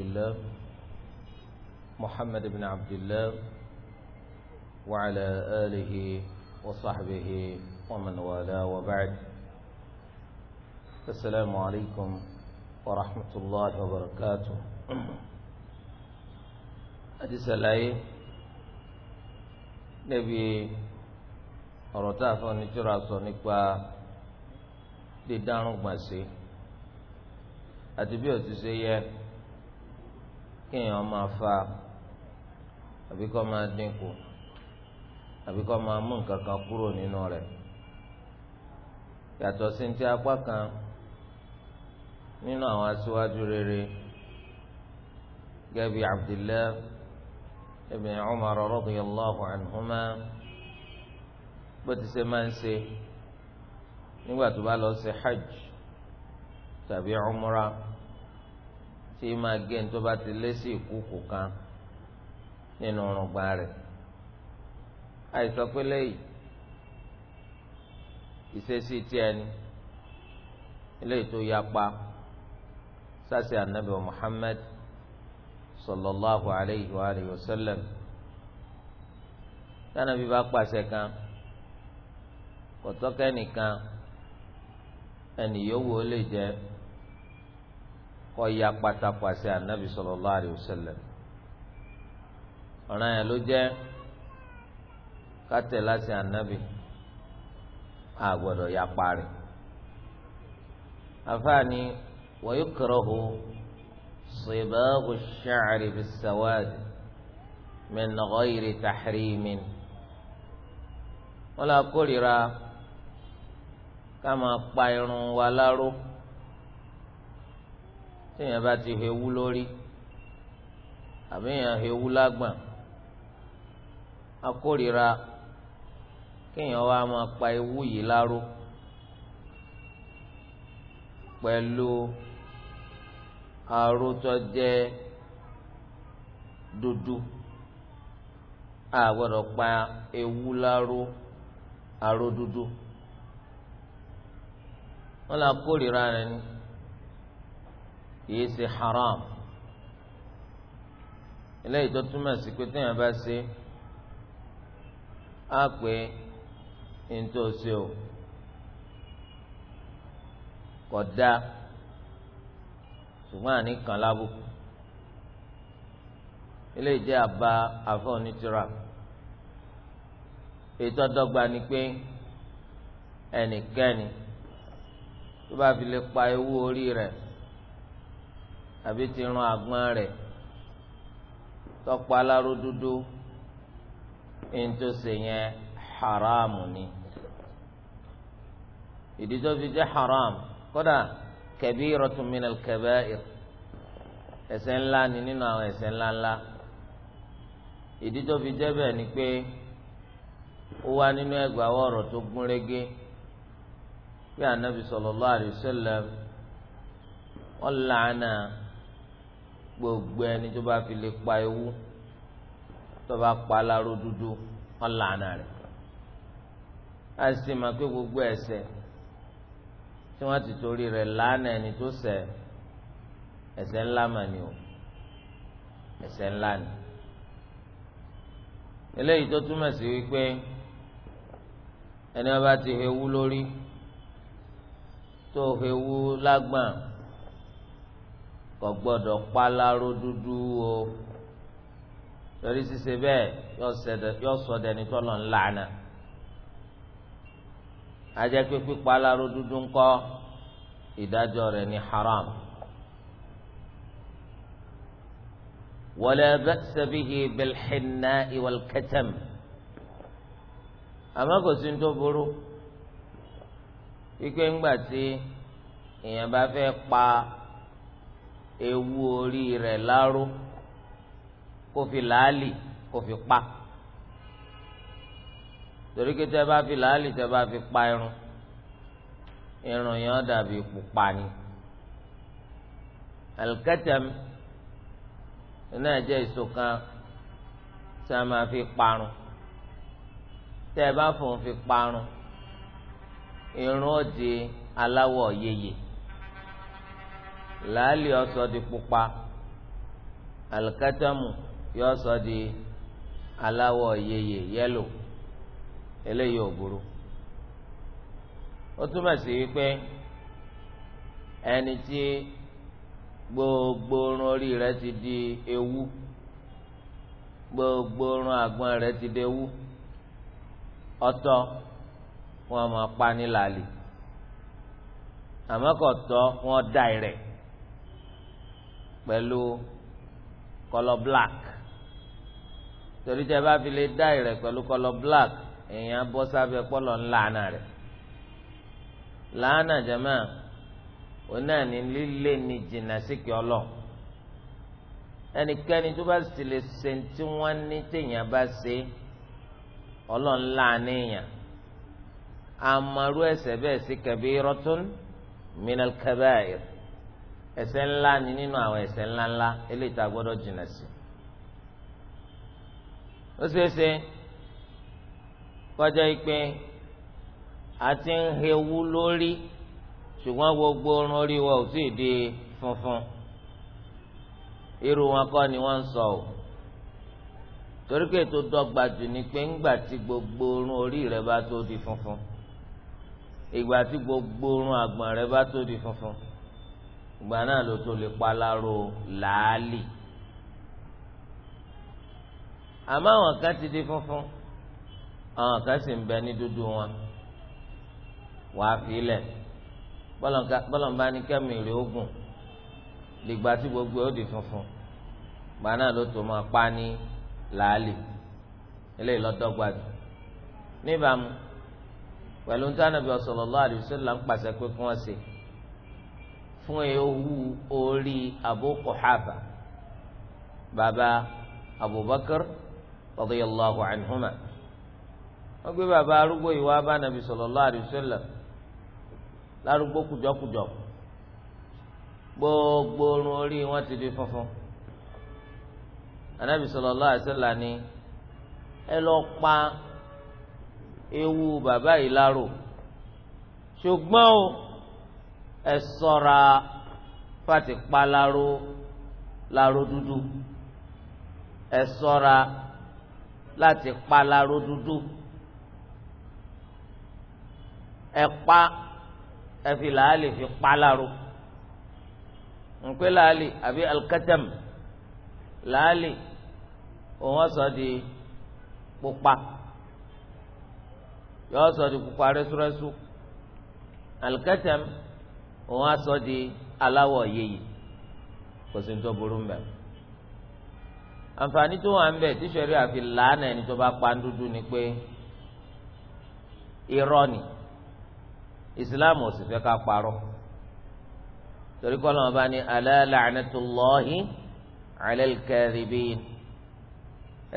الله محمد بن عبد الله وعلى آله وصحبه ومن والاه وبعد السلام عليكم ورحمة الله وبركاته أدي سلاي نبي أرتا فنجرا صنقا dídárùn gbọ̀nsẹ̀ àti bí kéèyàn máa fa àbí kó máa dínkù àbí kó máa mú nǹkan kan kúrò nínú rẹ̀ yàtọ̀ sí ti apá kan nínú àwọn aṣíwájú rere gẹ́gẹ́ bí Abdullah ibn Umar radiyallahu anhuma bó ti ṣe máa ń ṣe nígbà tó bá lọ hajj tàbí umrah. tí máa gé ní tó bá ti lé sí ìkúkù kan nínú ọrùngbà rẹ̀ àìsàn pé lẹ́yìn ìṣesí tí ẹni eléyìí tó yapa sásì ànábì Muhammad sallallahu alayhi wa alayhi wa sallam tánàbí bá pàṣẹ kan kò tọ́kẹ́ nìkan ẹnì yòówù lè jẹ́ kọyà pátápàṣẹ anabi sallallahu alaihi wasallam ọ̀ràn yẹn ló jẹ́ kátẹ láti anabi àgbọ́dọ̀ yapa rẹ̀ afaani wa yukrahu sibaghu ash-sha'ri bis-sawad min ghayri tahrimin wọn lọ kórìíra ká máa irun wa láró téèyàn bá ti hewu lórí àbí èèyàn hewu lágbọ̀n akórira kéèyàn wá máa pa ewu yìí láró pẹ̀lú àròtọ́ jẹ́ dúdú a gbọ́dọ̀ pa ewu láró àrò dúdú wọn là kórira rẹ ni kìí ṣe haram eléyìí tó túmọ̀ sí pé téèyàn bá ṣe á pé ntòsí o kò dáa ṣùgbọ́n àní kan lábùkù eléyìí jẹ́ àbá àfọ̀ onítìrà ètò ọ̀dọ́gba ni pé ẹnikẹ́ni tó bá fi lè pa ewu orí rẹ̀ àbí ti rún agbọ́n rẹ̀ tọ́pọ̀ aláró dúdú ntòsí yẹn haramu ni ìdí tó fi jẹ́ haram kódà kabiratun minal kabair ẹ̀ṣẹ̀ ńlá ni nínú àwọn ẹ̀ṣẹ̀ ńlá ńlá ìdí tó fi jẹ́ bẹ́ẹ̀ ni pé ó wá nínú ẹgbàá ọ̀rọ̀ tó gún régé bí anabi sallallahu alaihi wasallam gbogbo ẹni tó bá fi lè pa ewu tó bá pa aláró dúdú ọ̀làna rẹ̀ a sì máa pé gbogbo ẹ̀ṣẹ̀ tí wọ́n ti torí rẹ̀ lánàá ẹni tó ṣẹ̀ ẹ̀ṣẹ̀ ńlá mà ni o ẹ̀ṣẹ̀ ńlá ni eléyìí tó túmọ̀ sí wípé ẹni wọn bá ti hewu lórí tó hewu lágbọ̀n kò gbọ́dọ̀ paláró dúdú o torí ṣíṣe bẹ́ẹ̀ yọ sọdẹ ní tọ́lọ̀ ńlá náà ajẹ́ pé pípaláró dúdú ńkọ́ ìdájọ́ rẹ̀ ní haram. wala ba'sa bihi bil-hinna'i wal-katam àmọ́ kò bá fẹ́ pa ewu orí rẹ̀ láró kó fi làálì kó fi pa torí pé tẹ́ bá fi làálì tẹ́ bá fi pa irun irun yẹn dàbí pupa ni alikẹtẹm náà jẹ́ èso kan tí a máa fi parun tẹ́ bá fòun fi parun irun ó di aláwọ̀ yeye làálì ó sọ di pupa alikatamu yóò di aláwọ̀ yeye yẹlò eléyìí ò burú ó túmọ̀ sí wípé ẹni tí gbogbo orun orí rẹ̀ ti di ewu gbogbo orun àgbọ̀n rẹ̀ ti di ewu ọ̀tọ̀ wọn máa pa ní làálì àmọ́ kò tọ́ wọn pẹ̀lú kọlọ black torí tẹ bá fi lè dye rẹ̀ pẹ̀lú kọlọ black èèyàn bọ́ sábẹ́ pọ́lọ ńláàánà rẹ̀ làánà jẹ́mọ́ onáà ní líle ní jìnnà síkì ọlọ́ ẹnikẹ́ni tó bá sì lè ṣe tí wọ́n ní téèyàn bá ṣe ọlọ́run láàánú èèyàn àmọ́rú ẹ̀ṣẹ̀ bẹ́ẹ̀ sí kabīratun minal kabā'ir ẹ̀ṣẹ̀ ńlá ni nínú àwọn ẹ̀ṣẹ̀ ńlá ńlá eléyìí tá a gbọ́dọ̀ jìnnà sí ó ṣeéṣe kọjá ìpè àti ń hewu lórí ṣùgbọ́n gbogbo orun orí wa ò sì di funfun irú wọn kọ́ ni wọ́n ń sọ o torí pé tó dọ́gba jù ni pé ńgbà tí gbogbo orun orí rẹ bá tó di funfun ìgbà tí gbogbo orun àgbọ̀n rẹ bá tó di funfun ìgbà náà ló tó lè paláró làálì àmọ́ àwọn kan ti di funfun àwọn kan sì ń bẹ ní dúdú wọn wàá filẹ̀ bọ́lọ̀mbá ní kẹ́mi rẹ̀ ogun lìgbà tí gbogbo ó di funfun ìgbà náà ló tó máa pa ní làálì eléyìí lọ́dọ́gba jù níbàámu pẹ̀lú ntánàbí sallallahu alaihi wasallam pé kí wọ́n ṣe. fún ewu orí Abu Quhafa bàbá Abubakar radiyallahu anhuma wọ́n gbé bàbá arúgbó yìí wá bá nàbì sallallahu alaihi wasallam lárúgbó kùjọkùjọ gbogbo orun orí wọn ti di funfun anabi sallallahu alaihi wasallam ni ẹ lọ pa ewu bàbá yìí láró ṣùgbọ́n o. ẹ ṣọ́ra fati kpalaro laro dúdú ẹ ṣọ́ra láti kpalaro dúdú ẹ kpa ẹ fi làálì fi kpalaro nkpé làálì àbí alkatam làálì òun ọsọ di pupa yọ ọsọ di pupa rẹsúrẹsú alkatam òun á sọ di aláwọ̀ yeye kò sí ní tó burú mbẹ àǹfààní tó wà ń bẹ tí sẹ́rí àfi làánà ẹni tó bá pa dúdú ni pé irọ́ ni ìsìláàmù ò sì fẹ́ ká parọ́ torí kọ́ lọ́wọ́ bá ní alẹ́ la'natullahi 'alal kadhibin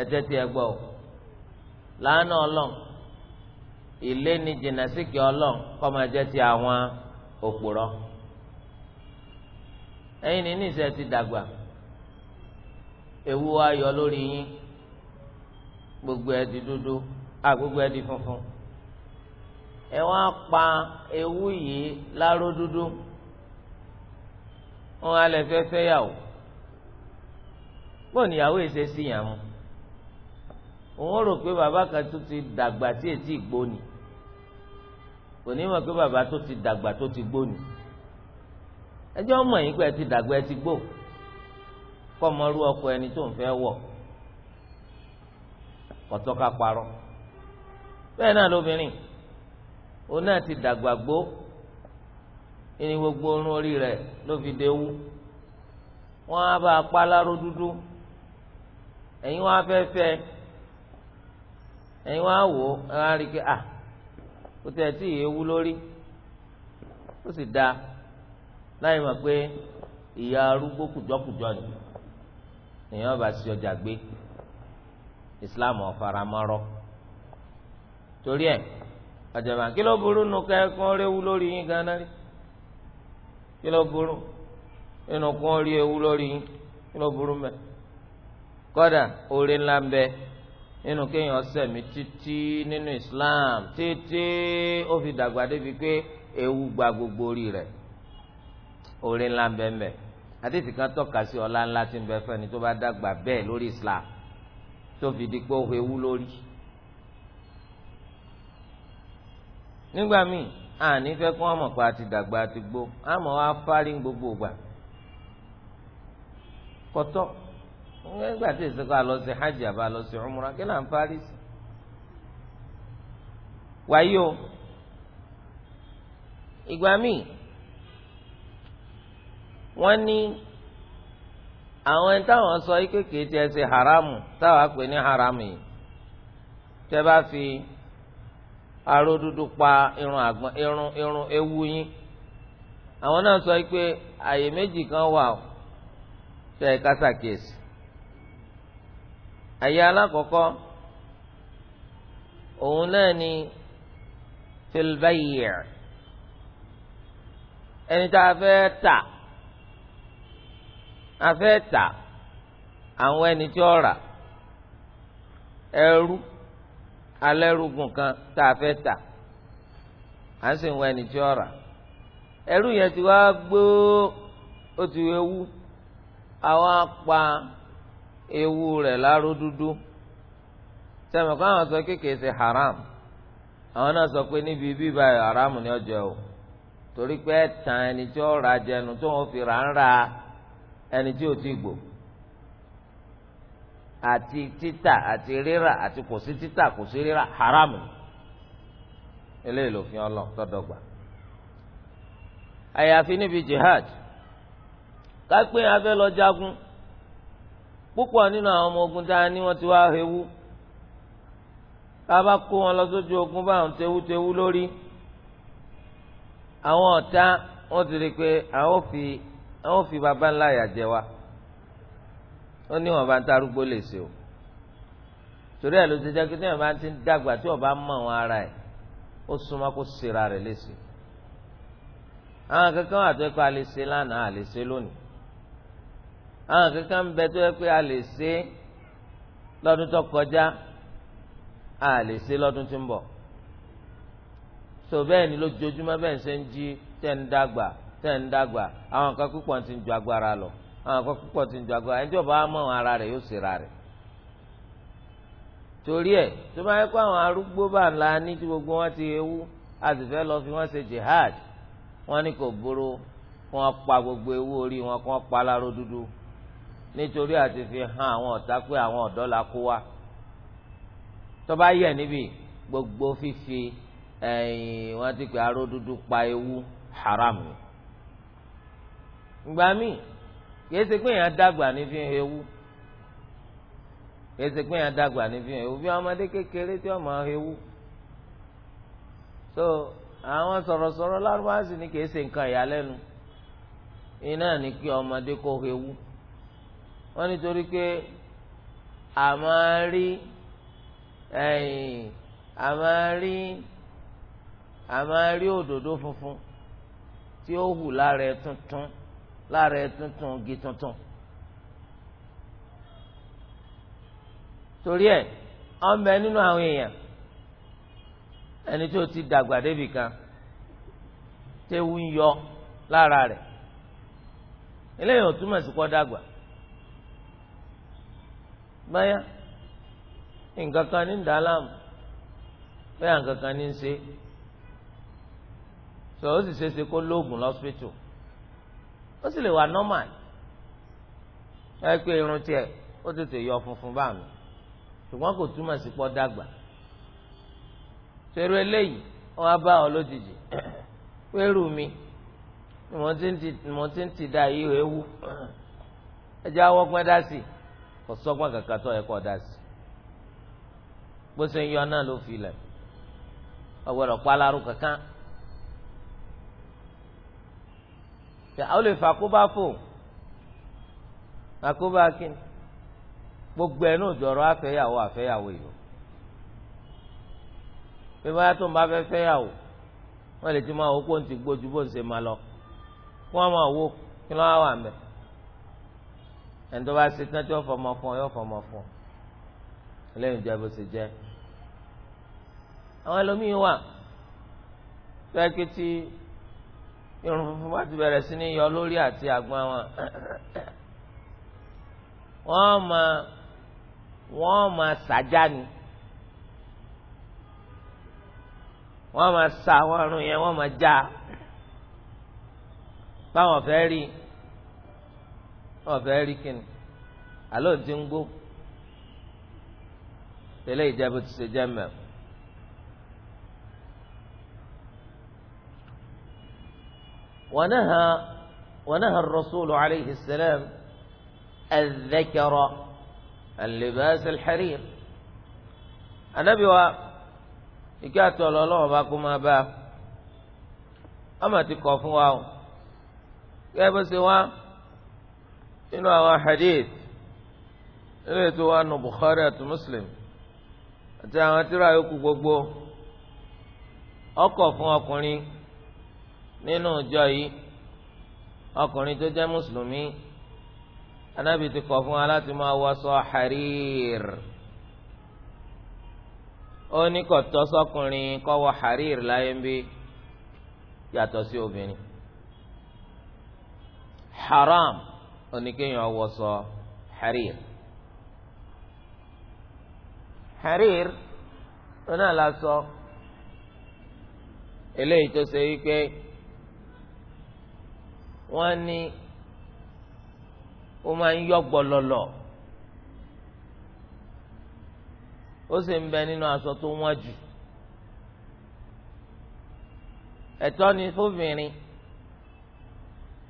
ẹ̀tẹ́ tí ẹ gbọ́ làánà ọlọ́n ìléni jìnnà síkì ọlọ́n kọ́ máa jẹ́ ti àwọn òpòrọ ẹ̀yin ní níṣẹ́ ti dàgbà ewu wa yọ lórí yín gbogbo ẹ di dúdú à gbogbo ẹ di funfun ẹ wá pa ewu yìí láró dúdú wọn á lè fẹ́ fẹ́ yàwó bọ́ọ̀ níyàwó èsè yàn mú òun rò pé bàbá kan tó ti dàgbà tí ètí ìgbóni kò ní mọ̀ pé bàbá tó ti dàgbà tó ti gbó ni ẹjọ́ ọmọ yìí pé ẹ ti dàgbà ẹ ti gbó kọ́ ọmọ rú ọkọ ẹni tó ń fẹ́ wọ̀ kọ̀tọ́ ká parọ́ bẹ́ẹ̀ náà lóbìnrin òun náà ti dàgbà gbó ẹni gbogbo orun orí rẹ̀ ló fi dé wú wọ́n á bá a pa aláró dúdú ẹ̀yin wọ́n á fẹ́ fẹ́ ẹ̀yin wọ́n á wò ẹ̀ á rí i pé ah kò tẹ̀ tí èéwú lórí ó sì da láì mọ̀ pé ìyá arúgbó kùjọ́kùjọ́ ni èèyàn bá sí ọjà gbé islam ọ̀faramọ́rọ́ torí ẹ̀ àjàmbá kí ló burú nu kẹ́kọ́ réwu lórí yín ganan rí kí ló burú nínú kún rí ewu lórí yín kí ló burú mẹ́ kọ́dà oore ńlá ń bẹ́ẹ́ nínú kéèyàn ọsẹ mi títí nínú Islam títí ó fi dàgbà débi pé ewu gba gbogbo orí rẹ̀ orí ńlá ń bẹ ń bẹ àdéhìí kan tọ́ka sí ọlá ńlá tí ń bẹ fẹ́ni tó bá dàgbà bẹ́ẹ̀ lórí Islam tó fi di pé ó ewu lórí. nígbà míì àní fẹ́ kí wọ́n mọ̀ pé a ti dàgbà àti gbó àmọ́ wá fárí gbogbo ìgbà kọ́tọ́. nígbà tí èsì kan lọ sí hajj àbá lọ sí umrah kí náà ń parí sí. wáyé o ìgbà míì wọ́n ní àwọn ẹni táwọn sọ yìí tí ẹ ṣe haramu táwọn àpè ní haramu yìí tẹ́ bá fi aró dúdú pa irun àgbọn irun irun ewu yín àwọn náà sọ yìí pé àyè méjì kan wà ó tẹ́ ẹ àyè alákọ̀ọ́kọ́ òun náà ni filbayer ẹni tá a fẹ́ tà a fẹ́ tà àwọn ẹni tí ó rà ẹrú alẹ́rúgùn kan tá a fẹ́ tà à sì ń wọ ẹni tí ó rà ẹrú yẹn ti wá gbó ó ti wéwu àwọn apá. ewu rẹ láró dúdú sẹ́mi kó àwọn sọ kékeré ṣe haram àwọn náà sọ pé níbi bíbá haram ni ọjọ́ o torí pé ẹ̀tàn ẹni tí ó ra jẹnu tó wọn fi rà ra ẹni tí ò ti gbò àti títà àti rírà àti kò sí títà kò sí rírà haram eléyìí lòfin ọlọ tọdọgba àyàfi níbi jihad ká pé a lọ jagun. púpọ̀ nínú àwọn ọmọ ogun tá a wọ́n ti wá hewu tá a bá kó wọn lọ sójú ogun báwọn tewútewú lórí àwọn ọ̀tá wọ́n ti rí i pé àwọn fi àwọn fi bàbá ńlá yà wa ó ní wọn bá ń tarúgbó lè ṣe o torí ẹ̀ ló ti jẹ́ kí tí wọn bá ti ń dàgbà tí wọn bá mọ̀ wọn ara ẹ̀ ó súnmọ́ kó sera rẹ̀ léṣe àwọn kankan àti ẹ̀kọ́ àlè ṣe lánàá àlè ṣe lónìí àwọn kankan bẹ tó yẹ pé a lè ṣe lọ́dún tó kọjá a lè ṣe lọ́dún tó ń bọ̀ tó bẹ́ẹ̀ ni lójoojúmọ́ bẹ́ẹ̀ ṣe ń jí tẹ́ ń dàgbà tẹ́ ń dàgbà àwọn kan púpọ̀ ti ń ju agbára lọ àwọn kan púpọ̀ ti ń ju agbára ẹni tí ọba mọ̀ ara rẹ̀ yóò ṣera rẹ̀ torí ẹ̀ tó bá yẹ kó àwọn arúgbó bá ńlá ní tí gbogbo wọn ti ewu a sì fẹ́ lọ fi wọ́n ṣe jihad wọ́n ní kò burú kó wọ́n pa gbogbo ewu orí wọn kó wọ́n pa aláró dúdú nítorí àti fi hàn àwọn ọ̀tá pé àwọn ọ̀dọ́ la kó wa tó bá yẹ níbi gbogbo fífi ẹ̀yìn wọn ti pè aró dúdú pa ewu haram ni ìgbà míì kìí ṣe pé èèyàn dàgbà ní fi hàn ewu kìí ṣe pé èèyàn dàgbà ní fi hàn ewu bí ọmọdé kékeré tí ọmọ hàn ewu so àwọn sọ̀rọ̀sọ̀rọ̀ lárúbáṣì ni kìí ṣe nǹkan ìyàlẹ́nu iná ní kí ọmọdé kó hàn So, wọ́n nítorí pé a máa rí ẹ̀yìn a máa rí a máa rí òdòdó funfun tí ó hù lára ẹ tuntun lára ẹ tuntun gi tuntun. torí ẹ ọmọ ẹ nínú àwọn èèyàn ẹni tó ti dàgbà débì kan tẹ́wù ń yọ lára rẹ̀ eléyìí ò túmọ̀ sí kó dàgbà báyà nǹkan kan ní dàlámù báyà nǹkan kan ní ṣe sọ ó sì ṣeéṣe kó lóògùn lọ́sítò ó sì lè wà normal ẹ pé irun tiẹ̀ ó tètè yọ funfun bá mi ṣùgbọ́n kò túmọ̀ sí pọ́ dàgbà ṣerú eléyìí wọ́n á bá ọ lójijì pẹ́rù mi ni mo ti ń ti da yìí ewu ẹ jẹ́ àwọn pẹ́ dá sí i. kò sọ́gbọ́n kankan tó yẹ kó dá sí bó yọ náà ló fi palaru kankan ó lè fà kóbá fò àkóbá kíni gbogbo ẹ̀ náà jọ̀rọ̀ àfẹ́yàwó àfẹ́yàwó yìí bí ti máa wò kó ti gbójú bó ń ṣe máa lọ kí wo máa awa kí ẹni tó bá ṣe tán tí wọ́n fọmọ fún ọ yóò fọmọ fún ọ lẹ́yìn ìjọba ó sì jẹ́ àwọn ẹlòmíín wà pẹ́ẹ́kì tí irun funfun bá ti bẹ̀rẹ̀ sí ní yọ lórí àti àgbọn wọn wọ́n máa wọ́n máa ṣàjá ni wọ́n máa ṣà àwọn ọ̀run yẹn wọ́n máa já báwọn fẹ́ rí i ọ̀fẹ́ rí kíni àlọ́ ti ń gbó tẹ́lẹ̀ ìjábọ̀ ti ṣe jẹ́ mẹ́rin. ونهى ونهى الرسول عليه السلام الذكر اللباس الحرير النبي و ìkẹ́àtọ̀ ọlọ́lọ́wọ́ bá kó máa bá a ọmọ ti kọ̀ fún wa o kẹ́ bó ṣe wá nínú àwọn hadith ilé tó wà nù Bukhari àti Muslim àti àwọn tírà yòókù gbogbo ọkọ̀ fún ọkùnrin nínú ìjọ yìí ọkùnrin tó jẹ́ mùsùlùmí anábì ti kọ̀ fún wa láti máa wọṣọ harir ó ní kò tọ́ sọ́kùnrin kó wọ harir láyé ń bí yàtọ̀ sí obìnrin haram. oníkéèyàn wọṣọ harir harir oná la sọ eléyìí tó ṣe wípé wọn ní ó máa ń gbọlọlọ ó sì ń bẹ nínú aṣọ tó jù ni fóbìnrin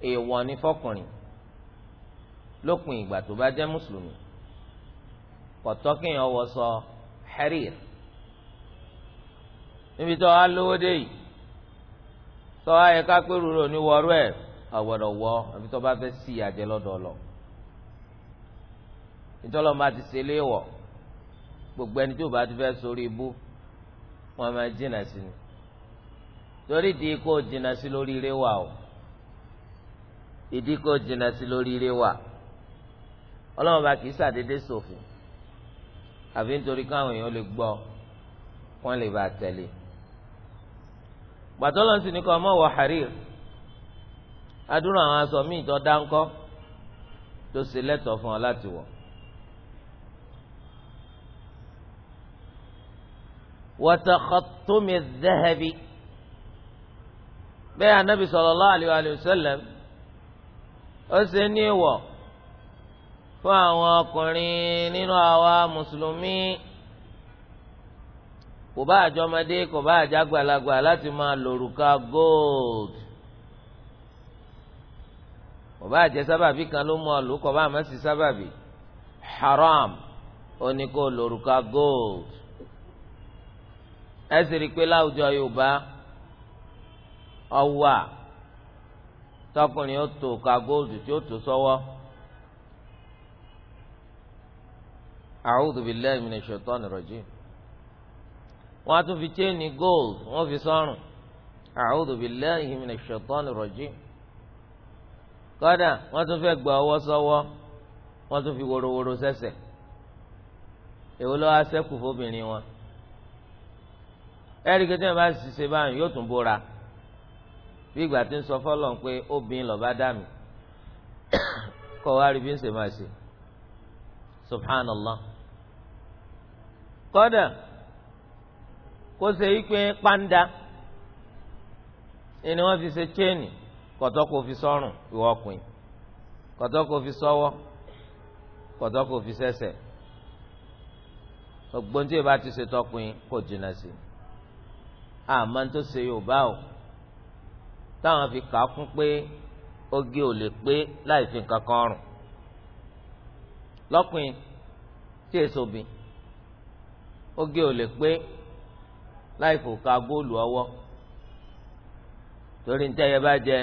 èèwọ̀ ni lópin ìgbà tó bá jẹ́ mùsùlùmí kọ̀tọ́ kéèyàn wọ sọ harir níbi tó wá lówó dé yìí tó wá yẹ ká pérò rò ní wọrú ẹ̀ ọ̀gbọ̀dọ̀ wọ àbí tó bá fẹ́ sí ìyàjẹ́ lọ́dọ̀ lọ ìtọ́lọ́ máa ti ṣe léèwọ̀ gbogbo ẹni tó bá ti fẹ́ sórí ibú wọn máa jìnnà sí ni torí di kó jìnnà sí lórí ire wà o ìdí kó jìnnà sí lórí ire wà ọlọ́run bá kìí sàdédé sòfin àbí nítorí káwọn èèyàn lè gbọ́ wọ́n lè bá tẹ̀lé gbàtọ́ lọ́n sì ní kọ́ ọmọ wọ harir adúrò àwọn aṣọ míì tó dáńkọ́ tó ṣe lẹ́tọ̀ọ́ fún ọ láti wọ̀. wàtàkàtúmì dẹ́hẹ́bì bẹ́ẹ̀ anábì sallallahu alaihi wa sallam ó ṣe ní ìwọ̀ fún àwọn ọkùnrin nínú àwa mùsùlùmí kò bá àjọmọdé kò bá àjàgbàlagbà láti máa lòrùka gold kò bá àjẹ sábàbí kan ló mú ọlù kò bá àmọ́ sábàbí haram ó ní lòrùka gold ẹ sì rí i pé láwùjọ Yorùbá ọwà tọkùnrin ó tó ka gold tí ó tó sọ́wọ́. So a'udhu billahi minash shaitani rajim wọ́n á tún fi chain gold wọ́n fi sọ́rùn a'udhu billahi minash shaitani rajim kọ́dà wọ́n tún fẹ́ gbọ́ ọwọ́ sọ́wọ́ wọ́n tún fi worowóró sẹ́sẹ̀ èwo ló wá sẹ́kù fóbìnrin wọn ẹ̀ríkẹ́ tí wọ́n bá ṣiṣẹ́ báyìí yóò tún bóra bí ìgbà tí ń sọ fọ́lọ́n pé obìnrin lọ́ba dà mí kọ́ wa rí bí ń ṣe máa ṣe subhanallah kọ́dà kó ṣe ìpín panda ẹni wọ́n fi ṣe chain kọ̀tọ́ kò fi sọ́rùn ìwọ ọkùnrin kọ̀tọ́ kò fi sọ́wọ́ kọ̀tọ́ kò fi sẹ́sẹ̀ ọgbọ́n tí ìbá ti ṣe tọkùnrin kò jìnnà sí àmọ́ tó ṣe yorùbá o táwọn fi kà á kún pé oge ò lè pé láì fi nǹkan kan rùn lọ́kùnrin tí èso bìn oge ò lè pé láì fò ka góòlù ọwọ́ torí ní tẹ́yẹ bá jẹ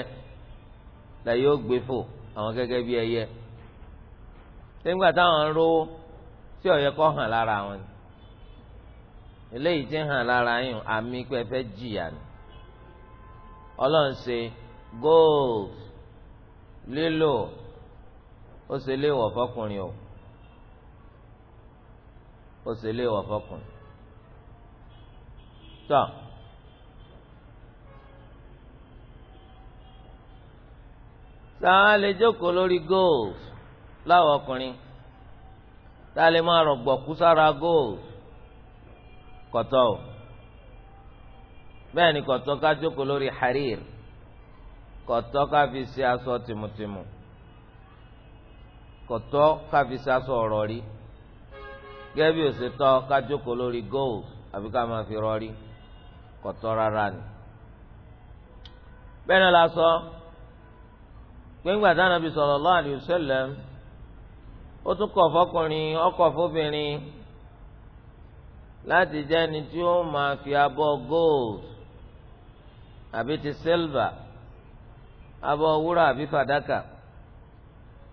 la yóò gbé fò àwọn gẹ́gẹ́ bí ẹyẹ nígbà táwọn ń rówó tí ọ̀yẹ́ kọ́ hàn lára wọn ni eléyìí ti hàn lára yìí àmì pé ẹ jìyà ni ọlọ́run ṣe gold lílò ó ṣe léwọ̀ fọkùnrin o ó sì lé wọ̀ fọkùn. tọ́ sáà lè jókòó lórí gold láwọn ọkùnrin tá a lè máa rọ̀gbọ̀kú sára gold kọ̀tọ́ o bẹ́ẹ̀ ni kọ̀tọ́ ká jókòó lórí harir kọ̀tọ́ ká fi ṣe aṣọ tìmùtìmù kọ̀tọ́ ká fi ṣe aṣọ ọ̀rọ̀ rí gẹ́gẹ́ bí òsè tọ́ ká lórí gold àbí ká máa fi rọrí kò tọ́ rárá ni. bẹ́ẹ̀ ni la sọ gbẹ̀ngbà tí Ànábì sallallahu alaihi wasallam ó tún kọ̀ fọkùnrin ó fóbìnrin láti jẹ́ ẹni tí ó máa fi abọ́ gold àbí ti silver abọ́ wúrà àbí fàdákà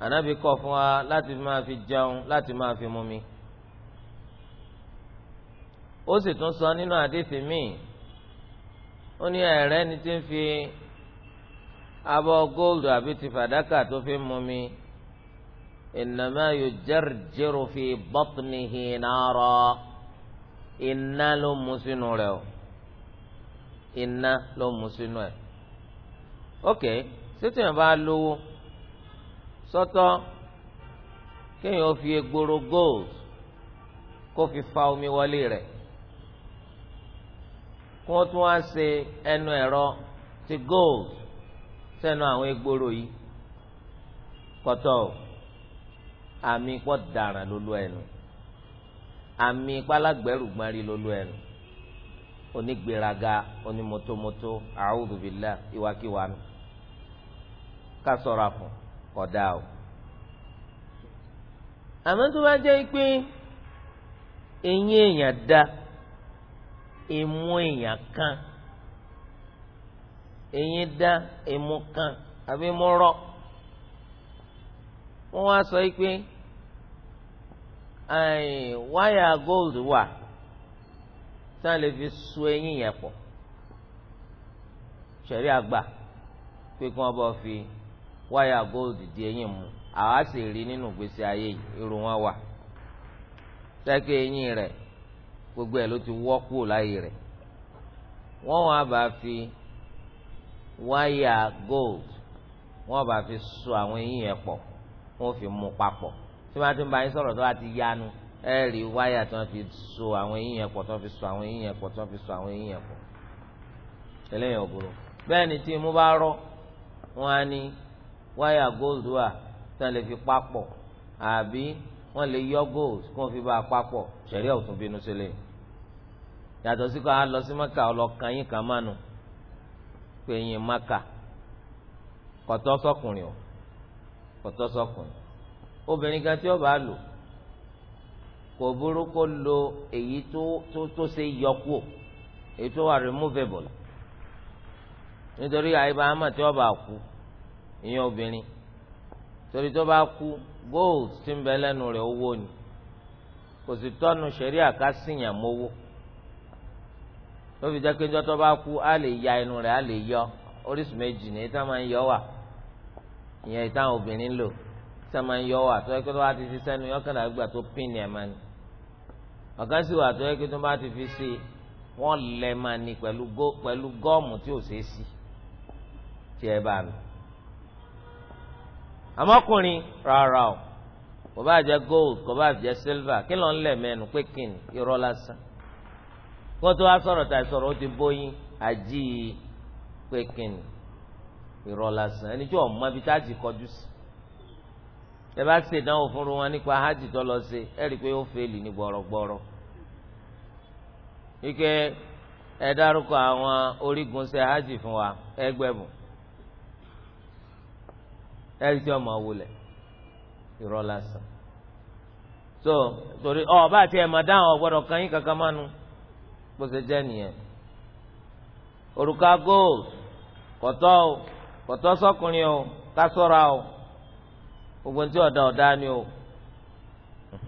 Ànábì kọ̀ fún wa láti máa fi jẹun láti máa fi mumi ó sì tún sọ nínú àdéhìí míì ó ní ẹ̀rẹ́ ni ti ń fi abọ́ góòlù àbí ti fàdákà tó fi mú mi innama yujarjiru fi batnihi nara iná ló mú sínú rẹ̀ o iná ló mú sínú ẹ̀ ok sétí yẹn bá lówó sọ́tọ̀ kéèyàn fi egboro gold kó fi fa omi wọlé rẹ̀ kí wọ́n tún wá se ẹnu ẹ̀rọ ti gold sẹ́nu àwọn egboro yìí kọ́tọ́ àmì pọ̀ dàrán lólu ẹnu àmì pálágbẹ́rù gbárí lólu ẹnu onígbéraga onímọ́tómọ́tó a'udhu billah ìwàkiwà mi ká sọ̀ra fún kọ̀dá o. àmọ́ tó bá jẹ́ pé eyín èèyàn dáa imú èèyàn kan eyín dá imú kan àbí imú rọ wọ́n wá sọ pé wáyà gold wà tá a lè fi so eyín yẹn pọ̀ sẹ̀rí àgbà pé kí wọ́n bọ́ fi wáyà gold di eyín mu àwa sì rí nínú ìgbésí ayé irun wọn wà tẹ́kẹ̀ eyín rẹ̀ gbogbo ẹ̀ ló ti wọ́ kúrò láyé rẹ̀ wọ́n wá bá fi wáyà gold wọ́n bá fi so àwọn eyín yẹn pọ̀ wọ́n fi mú papọ̀ tí wọ́n ti ń bá yín sọ̀rọ̀ tó bá ti yánu ẹ rí wáyà tí wọ́n fi so àwọn eyín yẹn pọ̀ tí wọ́n fi so àwọn eyín yẹn pọ̀ tí wọ́n fi so àwọn eyín yẹn pọ̀ eléyìí ò bẹ́ẹ̀ ni tí imú bá rọ́ wọ́n á ní wáyà gold wà tí wọ́n lè fi papọ̀ àbí wọ́n lè yọ gold kí wọ́n fi bá a papọ̀ ṣẹ̀ríà ò bínú sílẹ̀ yìí yàtọ̀ sí kó a lọ sí maka ọlọ́kan yín kan mánu pé yín maka kọ̀tọ́ sọkùnrin o kọ̀tọ́ sọkùnrin obìnrin kan tí ó bá lò kò burú kó lo èyí tó tó tó ṣe yọkúò èyí tó wà removable nítorí àyíbá àmà tí ó bá kú ìyẹn obìnrin torí tó bá kú gold tí ń bẹ lẹ́nu rẹ̀ owó ni kò sì tọ́nu sẹ̀ríà ká síyàn mówó. ló fi jẹ́ pé ńjọ́ bá kú lè ya inú rẹ̀ a lè yọ orísun méjì ní ìta máa ń yọ wà ìyẹn ìta obìnrin lò ma máa ń yọ wà tó ti fi sẹ́nu yọkànlá gbà tó pín ní ẹ̀ máa ọ̀gá sì wà ti fi sí wọ́n lẹ̀ ma ni pẹ̀lú gọ́ọ̀mù tí ò sí tí ẹ bá mi àmọ́kùnrin rárá o kò bá gold kò bá silver kí ló ń lẹ̀ mẹ́nu kótó wa sọ̀rọ̀ tà sọ̀rọ̀ ó ti bóyin àjí pékin irọ́ ẹni tí ọ̀mọ́ bíi tá a ti kọjú sí ẹ bá wọn nípa hajj tó lọ ṣe ẹ rí i pé ó fèèlì ní gbọ̀rọ̀gbọ̀rọ̀ ike ẹ àwọn orígun hajj fún wa ẹ rí so torí ọ̀ bá tiẹ̀ mọ̀ dáhùn ọ̀gbọ́dọ̀ kan bó ṣe jẹ́ nìyẹn òrùka gold kọ̀tọ́ o kọ̀tọ́ sọkùnrin o kásọ̀ra o gbogbo ní tí ọ̀dà ọ̀dà ni o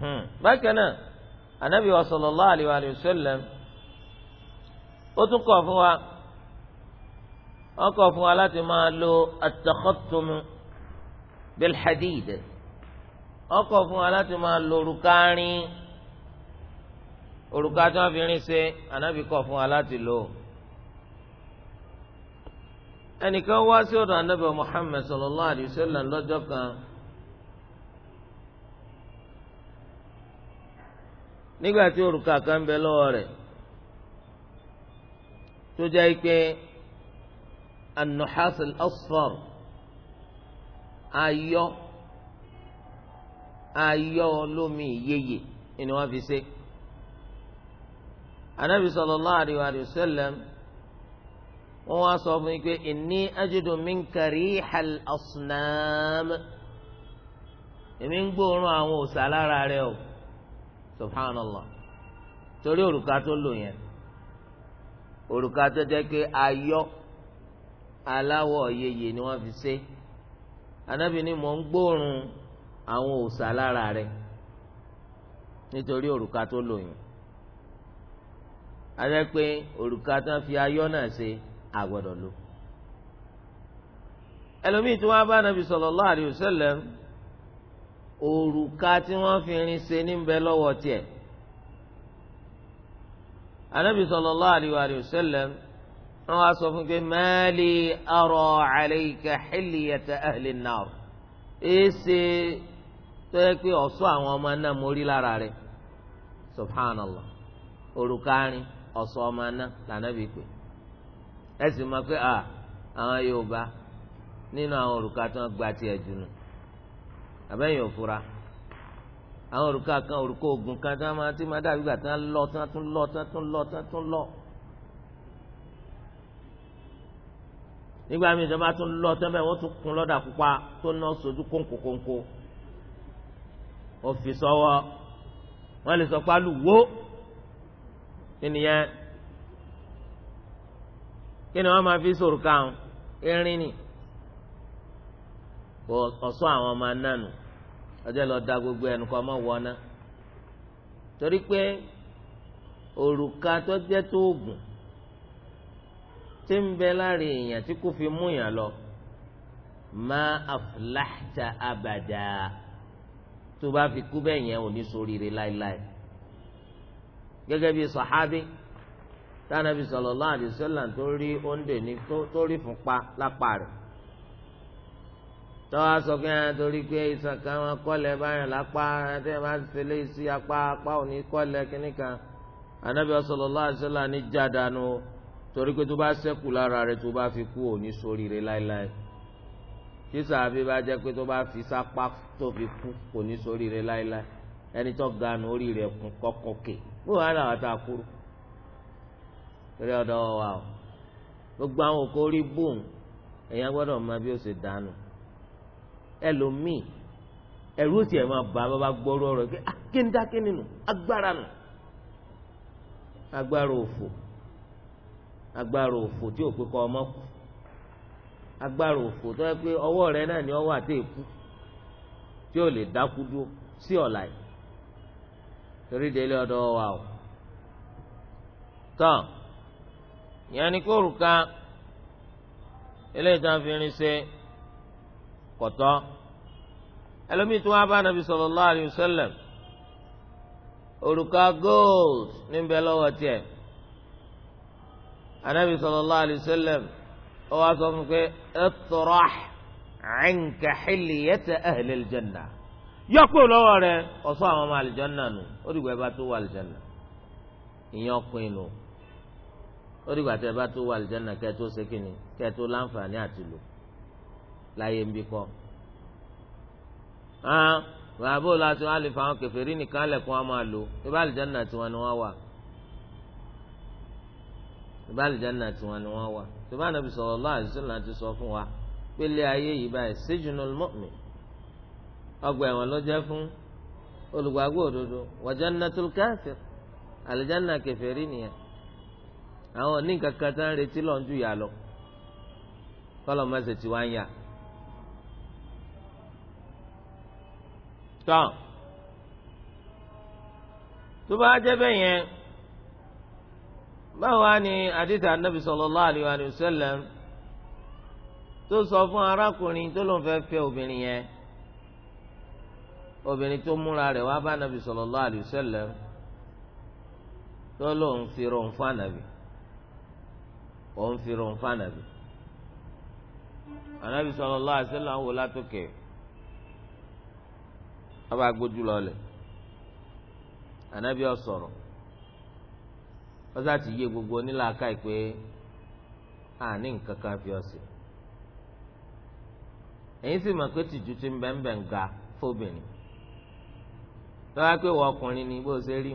hmm. bákan náà anabi wa sallallahu alayhi wa sallam ó tún kọ̀ fún wa wọ́n kọ̀ fún wa láti máa lo at-takhattum bil hadid fún wa láti máa lo òrùka rin òrùka tí wọ́n fi rin ṣe ànábì kọ̀ fún wa láti lò ó ẹnìkan wá sí ọ̀dọ̀ anábẹ́ Muhammad sallallahu alayhi wa sallam lọ́jọ́ kan nígbà tí òrùka kan bẹ lọ́wọ́ rẹ̀ tó jẹ́ pé an asfar ayọ́ ayọ́ olómi yeye ni wọ́n fi ṣe anabi sallallahu alayhi wa sallam wọn wá sọ fún mi pé inni ajidu minka rihal asnam èmi ń gbóòórùn àwọn òòṣà lára rẹ o subhanallah torí òrùka tó lò yẹn òrùka tó jẹ́ pé ayọ́ aláwọ̀ yeye ni wọ́n fi ṣe anábì ni mò ń gbóòórùn àwọn òòṣà lára rẹ nítorí òrùka tó lò yẹn adé pé òrùka tí wọ́n fi ayọ̀ náà ṣe àgbọ́dọ̀ lò ẹlòmíì tí wọ́n bá nàbì sallallahu alaihi wasallam òrùka tí wọ́n fi rin ṣe níbẹ̀ lọ́wọ́ tiẹ̀ anabi sallallahu alaihi wasallam wọ́n wá sọ fún pé mali ara alayka hilyata ahli an èsè tó yẹ pé ọ̀ṣọ́ àwọn ọmọ náà mórí lára rẹ̀ subhanallah òrùka ọ̀sọ́ ọmọ náà lànà bí pè ẹ sì mọ̀ pé àwọn Yorùbá nínú àwọn òrùka tí wọ́n gba tiẹ̀ jù nù àbẹ́yìn òfura àwọn òrùka kan òrùka ogun kan tí wọ́n máa ti máa dàbí gbà tí wọ́n lọ tí wọ́n tún lọ tí wọ́n tún lọ tí wọ́n tún lọ. nígbà míì ìjọba tún lọ tẹ́lẹ̀ wọ́n tún kun lọ́dà pupa tó ná sojú kónkónkónkó òfin wọ́n lè sọ pálù wó ènìyàn kí ni wọ́n máa fi sòrò káwọn erin ni ọ̀sọ́ àwọn ọmọ anánu ọjọ́ lọ da gbogbo ẹnu kọ́ ọmọ wọná torí pé òrùka tó jẹ́ tó oògùn tí ń bẹ láàrin èèyàn tí kò fi mú yàn lọ má aflahta abàdà tó bá fi kú bẹ́ẹ̀ yẹn ò ní ṣoríire láéláé. gẹ́gẹ́ bíi sàhábì tánàbí sallallahu alaihi wasallam tó rí oúnjẹ ní tó rí fún pa lápá rẹ̀ tọ́wọ́ sọ pé ẹ ah, torí pé ìsàn kan wọn kọ́lẹ̀ báyọ̀ lápá ẹtẹ́ ẹ bá ń ṣẹlẹ̀ sí apá apá òní kọ́lẹ̀ kínní kan ànábì sallallahu alaihi ní jádàánú torí pé tó bá ṣẹ́kù lára rẹ̀ tó bá fi kú òní sóríire láéláé tí sàbí bá jẹ́ pé tó bá fi sápá tó fi kú òní sóríire láéláé ẹni tó ganu orí rẹ̀ kún kọ́kọ́ kè. bó náà ta kúrú torí wa o gbogbo àwọn òkú orí bóun èèyàn gbọ́dọ̀ mọ bí ó ṣe dànù ẹlòmíì ẹrú tiẹ̀ máa bá a bá gbọ́rọ̀ rẹ̀ ah, kí akéńdáké nínú agbára nù agbára òfò agbára òfò tí ò rẹ náà ni ọwọ àti èkú tí ò lè dákú torí délé ọ̀dọ̀ wa o tán ìyẹn ni kó òrùka eléyìí tán fi rin ṣe kọtọ ẹlòmíì tó wá bá nàbí sallallahu alaihi wasallam òrùka gold níbẹ̀ lọ́wọ́ tiẹ̀ anabi sallallahu alaihi wasallam ó wá sọ fún pé itrah anka hilyata ahlil janna yọkú lọ́wọ́ rẹ ọ̀sọ́ àwọn ọmọ àlìjọ́nà nù ó dìgbà ẹ bá tó wọ àlìjọ́nà ìyẹn ọkùnrin nù ó dìgbà tẹ ẹ bá tó wọ àlìjọ́nà kẹ tó sékìnì kẹ tó láǹfààní àti lò láyé ń bí kọ́. bàbá òun láti wọn lè fa àwọn kèfèrí nìkan lẹ̀kún wọn máa lò ibà àlìjọ́nà tiwọn ni wọ́n wà ibà àlìjọ́nà tiwọn ni wọ́n wà tó bá nàbì sallallahu alaihi wasallam ti sọ fún wa pé ayé yìí báyìí ọgbà ẹ̀wọ̀n ló jẹ́ fún olùgbàgbọ́ òdodo wa jannatul kafir àlìjáná kèfèrí nìyẹn àwọn ní kankan tá retí lọ́n lọ kọ́lọ̀ má tí wá tó bá jẹ́ bẹ́ẹ̀ yẹn báwa ni àdìtà wa tó sọ fún arákùnrin tó lóun fẹ́ fẹ́ obìnrin yẹn. obìnrin tó múra rẹ̀ wá bá nàbì sallallahu alaihi wasallam tó lóun fi ròhùn fún ànàbì òun fi ròhùn fún ànàbì ànàbì anabi alaihi wasallam wò látòkè gbójú lọlẹ̀ ànàbì ti yé gbogbo onílàákà yìí àní nǹkan kan fi ọsẹ èyí sì mọ̀ pé tìjú ti ń bẹ́ẹ̀ ga fóbìnrin lọ́wọ́ pé wọ́n ọkùnrin ni bó ṣe rí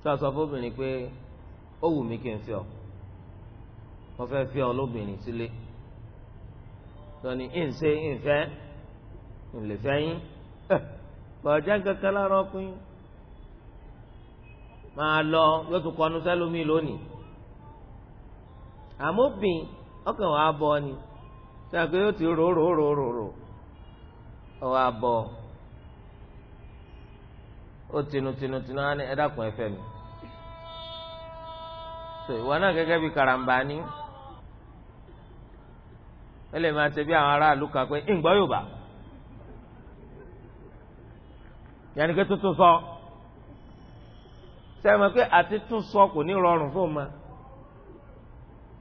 tí wọ́n sọ fóbìnrin pé ó wù mí kí n fi ọ mo fẹ́ fi ọ lóbìnrin sílé lọ́ni yín kankan lára ọkùnrin máa lọ yóò tún sẹ́lómi lónìí àmóbìn ọkàn wàá bọ ni pé yóò ti rò rò rò rò rò ọ wàá bọ ó tinu tinu tinu á ẹ dákun mi so ìwọ náà gẹ́gẹ́ bíi karambani ó lè máa ṣe bí àwọn aráàlú kan pé ǹgbọ́ yóò bá yàní pé tuntun sọ sẹ́mi pé àti tún sọ kò ní rọrùn ma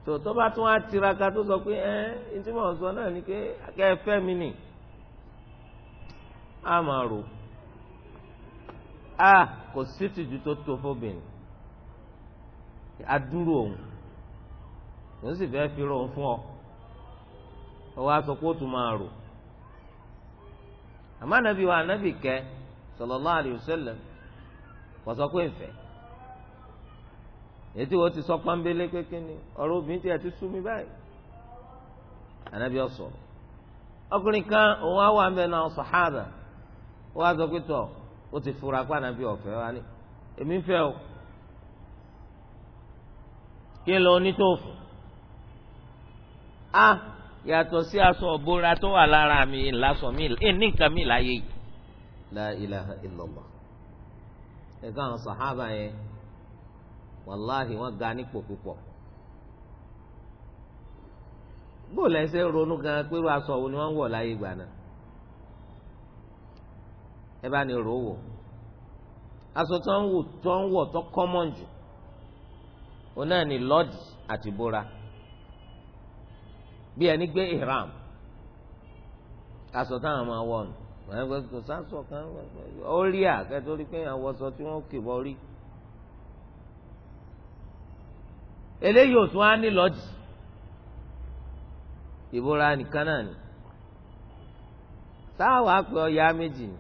tó tó bá tún á tiraka tó sọ pé ẹ ẹ ntí mò sọ náà ni pé a ah, kò sí tìjú tó tó fóbìnrin adúrò òun òun sì fẹ́ fi fún sọ máa wa anabi kẹ alayhi kò sọ ti sọ kékeré ni ọ̀rọ̀ a ti sú mi báyìí anabi ọsọ ọkùnrin kan òun á wà ó ti fura pa nàbí ọ̀fẹ́ wa ni èmi fẹ́ o kí ló ní tó fún a ah, yàtọ̀ sí aṣọ òbóra tó wà lára mi lásọ mi ní nǹkan mi láyé yìí. la ilaha ẹ̀ka àwọn sàhábà yẹn wàláhì wọn ga nípò púpọ̀ bó lẹ́sẹ̀ ronú gan pé aṣọ wo ni wọ́n ń wọ̀ láyé gbà ẹ bá ní rò wò aṣọ tó ń wò tó ń wọ̀ tó kọ́mọ̀n jù òun náà ní lọ́ọ̀dì àti bóra bí ẹni gbé ihram aṣọ táwọn máa wọ̀ nù wọn gbé kan ó rí àkẹ́tọ́ rí pé àwọn tí wọ́n kì bọ́ rí eléyìí ò tún á ní lọ́ọ̀dì ìbora nìkan náà ni sáà wàá pé ọ̀ya méjì ni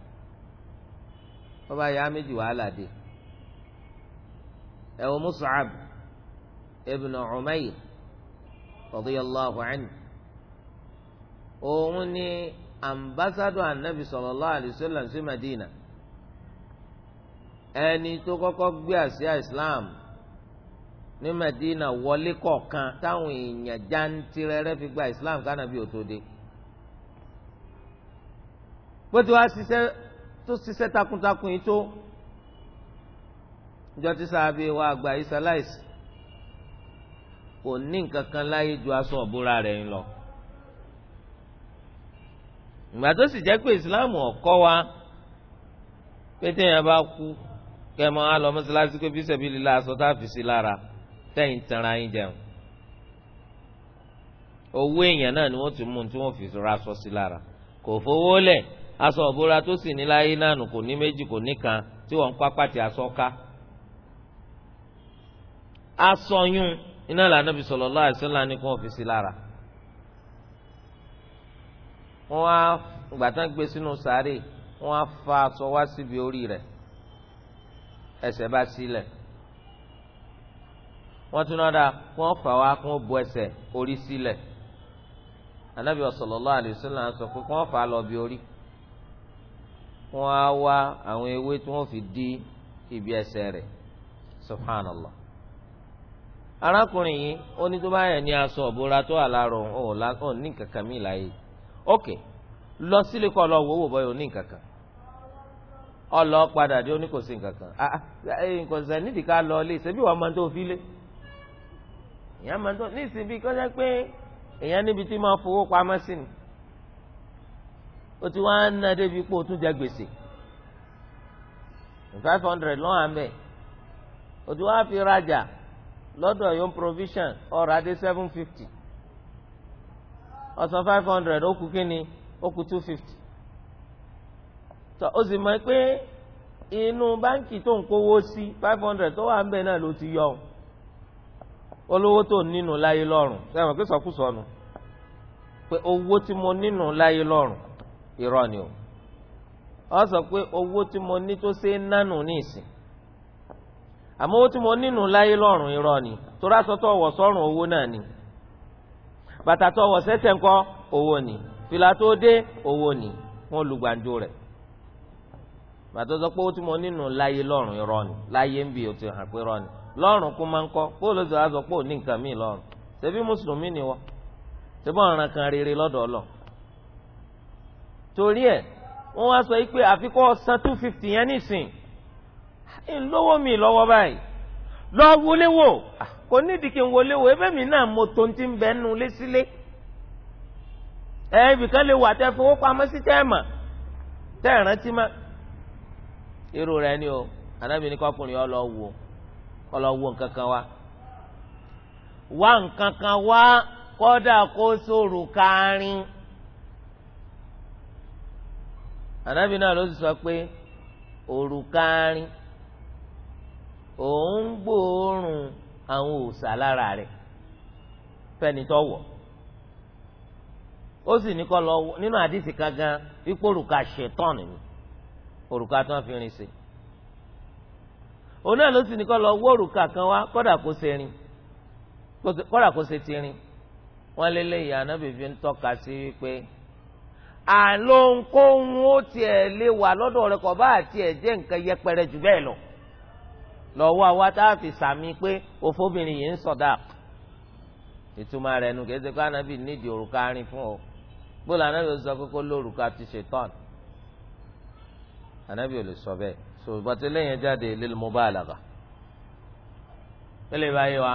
wọ́n bá yá méjì wàhálà dé ẹ wò Mus'ab ibn Umayr ni anabi sí Madina ẹni tó kọ́kọ́ gbé àsíá Islam ní Madina wọlé kọ̀ọ̀kan táwọn èèyàn jantirẹrẹ fi gba Islam kánàbí ṣiṣẹ́. tó ṣiṣẹ́ takuntakun yìí tó ìjọ tí sábẹ́ wa àgbà yìí ṣaláìsì kò ní nǹkan kan láyé ju aṣọ ọ̀búra rẹ̀ ń lọ. ìgbà tó sì jẹ́ pé ìsìláàmù ọ̀kọ́ wa pé téèyàn bá kú kẹmọ á lọ mọ́ṣáláṣí pé bí sẹ́bi lílá aṣọ tá a fi sí lára tẹ́yìn tanra yín jẹun. owó èèyàn náà ni wọ́n ti mú un tí wọ́n fi ra sí lára kò fowó lẹ̀ aṣọ òbora tó sì ní láyé náà nù kò ní méjì kò ní kan tí wọ́n ń pápá ti aṣọ ká asọyún iná lànà bí sallallahu alaihi wasallam ní kó wọn fi sí lára wọn á gbàtàn gbé sínú sáré wọn á fa aṣọ wá síbi orí rẹ̀ ẹsẹ̀ bá sílẹ̀ wọn tún náà dá wọn fà wá kó bu ẹsẹ̀ orí sílẹ̀ anabi sallallahu alaihi wasallam sọ pé wọn fà á lọ bí orí wọn á wá àwọn ewé tí wọ́n fi di ibi ese re subhanallah arákùnrin yìí ó ní tó bá yẹ ní aṣọ òbora tó wà lára òun ò ní kankan mí láàyè ok lọ sílé kọ lọ wò wò bọ yóò ní kankan ọlọ padà dé kankan ah nkòsí ah, eh, nídìí ká lọ ilé ṣebí wàá máa tó fi lé ìyá máa tó ní ìsìn bíi kọjá pé èèyàn níbi tí máa fowó pamọ́ sí ni ó ti wá ń ná débi pé o tún jẹ gbèsè five hundred lọ́wọ́ àmì o ti wá fi rajà lọ́dọ̀ yóò provision ọ̀rọ̀ adé seven fifty ọ̀sán five hundred ó ó two fifty o sì mọ̀ pé inú báǹkì tó ń kówó sí five hundred tó wà ń bẹ̀ ti yọ olówó tó nínú láyé lọ́rùn kí sọkúsọ pé owó tí mo nínú láyé lọ́rùn irọ́ ni o Ọ sọ pé owó tí mo ní tó ṣe é nánu ní àmọ́ owó tí mo nínú láyé lọ́rùn irọ́ ni torí tó sọ́rùn owó náà ni bàtà tó wọ̀ owó ni fìlà tó dé owó ni fún lu rẹ̀ bàtà sọ pé owó tí mo nínú láyé lọ́rùn irọ́ ni láyé ń bi òtún hàn pé irọ́ ni lọ́rùn torí ẹ̀ wọ́n wá sọ pé àfikọ́ san two fifty yẹn nísìn lówó mi lọ́wọ́ báyìí lọ wọlé wò kò nídìí kí n wọlé wò ebe mi náà mo tó ti ń bẹ nu le? ẹ ibìkan lè wà tẹ fowó pamọ́ sí Iro re mà rántí má irú rẹ ni o anábìíní kọkùnrin ọ lọ wò wa. lọ wò nǹkan kan wá wá nǹkan kan wá kọ́dà kó sòrò kárin. anabi náà ló sì sọ pé òrùkaarin òun gbòòrùn àwọn òòṣà lára rẹ̀ fẹ́ni tó ó sì ní kọ́ lọ nínú àdìsí kan wípé òrùka ṣetán òrùka tó ń fi rin sí òun náà ló sì ní wọ òrùka kan wá kódà kó ṣe rin kó ṣe ti rin lé anabi fi ń tọ́ka sí àlòǹkóhun ó tiẹ̀ lè wà lọ́dọ̀ rẹ̀ kọ̀ bá àti ẹ̀ jẹ́ nǹkan yẹpẹrẹ jù bẹ́ẹ̀ lọ lọ́wọ́ àwa tá a fi sàmì pé òfóbìnrin yìí ń sọ̀dà ìtumọ̀ rẹ̀ nù kéde kó ànábì nídìí òrùka rìn fún ọ gbọ́dọ̀ ànábì ó sọ kókó lórúkọ àti ṣetán ànábì ò lè sọ bẹ́ẹ̀ so bàtí lẹ́yìn jáde lílu mo bá àlàkà eléyìí báyìí wa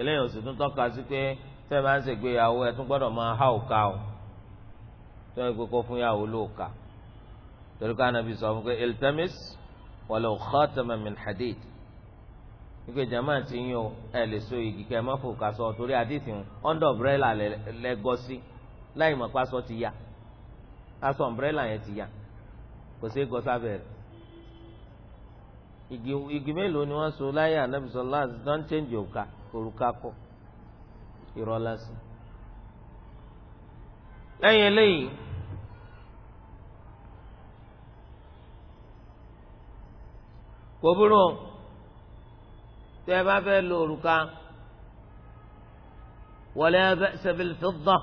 eléyìí ò sì tún tọ́ka sí pé tẹ́ ẹ bá ń ṣègbéyàwó ẹ tún gbọ́dọ̀ máa há òka o tí wọ́n gbé kó fún yàwó lóòka torí ká nàbí sọ fún pé iltamis walau khataman min hadid wípé jama ti yín o ẹ lè so igi kẹ má fò kásọ torí àdìsí ń ọńdọ ọmbrẹ́là lẹ́gọ́ sí láì mọ̀ pásọ ti ya aṣọ ọmbrẹ́là yẹn ti ya kò sí gọ́ sábẹ́rẹ́ igi igi mélòó ni wọ́n so láyé ànábìsọ láti don change òkà òrùka kọ ìrọ̀lá sí. lẹ́yìn eléyìí. kò burú tẹ ẹ bá fẹ́ lo òrùka wala ba'sa bil fidda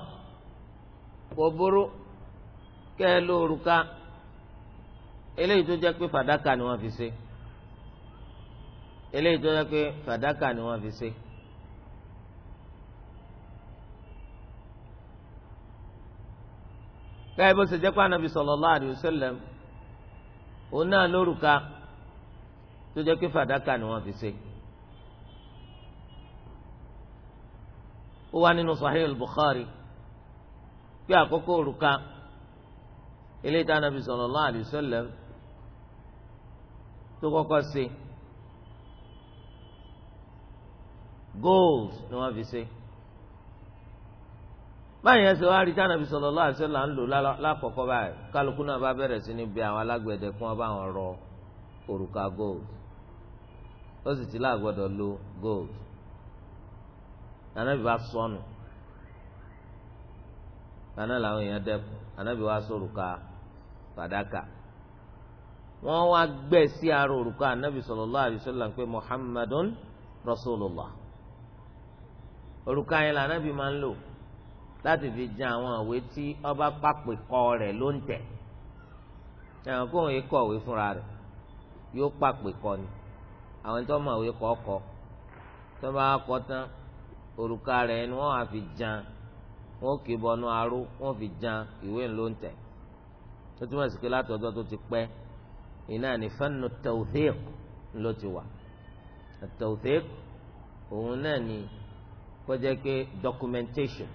kò burú kẹ ẹ lo òrùka eléyìí tó jẹ́ pé fàdákà ni wọ́n fi ṣe eléyìí tó jẹ́ pé fàdákà ni wọ́n fi ṣe. kẹ́ẹ́ bó ṣe jẹ́ pé anabi sallallahu alaihi wasallam òun náà lórúka tó jẹ́ pé fàdákà ni wọ́n fi ṣe. ó wá nínú Sahih al-Bukhari pé àkókò òrùka eléyìí tí Ànábì sallallahu alayhi wa tó kọ́kọ́ ṣe gold ni wọ́n fi ṣe báyìí ẹsẹ wa rí tí Ànábì sallallahu alayhi wa sallam ń lò lákọ̀ọ́kọ́ báyìí kálukú náà bá bẹ̀rẹ̀ sí ní bí àwọn alágbẹ̀dẹ kí wọ́n bá wọn rọ òrùka gold ó sì ti láàgbọ́dọ̀ lo gold anabi bá sọnù kaná làwọn èèyàn dẹ́kun anabi wá sórùka fàdákà wọ́n wá gbẹ́ sí ara òrùka anabi sallallahu alaihi wasallam pé muhammadun rasulullah òrùka yẹn là anabi máa ń lò láti fi jẹ àwọn ìwé tí ọba pápẹ kọ rẹ̀ ló ń tẹ̀ ẹ̀wọ̀n kóhùn yìí kọ̀wé fúnra rẹ̀ yóò pápẹ kọ ni àwọn tó mọ̀ wí kọ́kọ́ tó bá kọ́ tán òrùka rẹ̀ ni wọ́n á fi jan wọ́n kì í bọnú aró wọ́n fi jan ìwé ńlọ ń tẹ̀ tó túmọ̀ sí pé látọjọ́ tó ti pẹ́ iná ní fannu tawthiq ló ti wà tawthiq òun náà ni kó pé documentation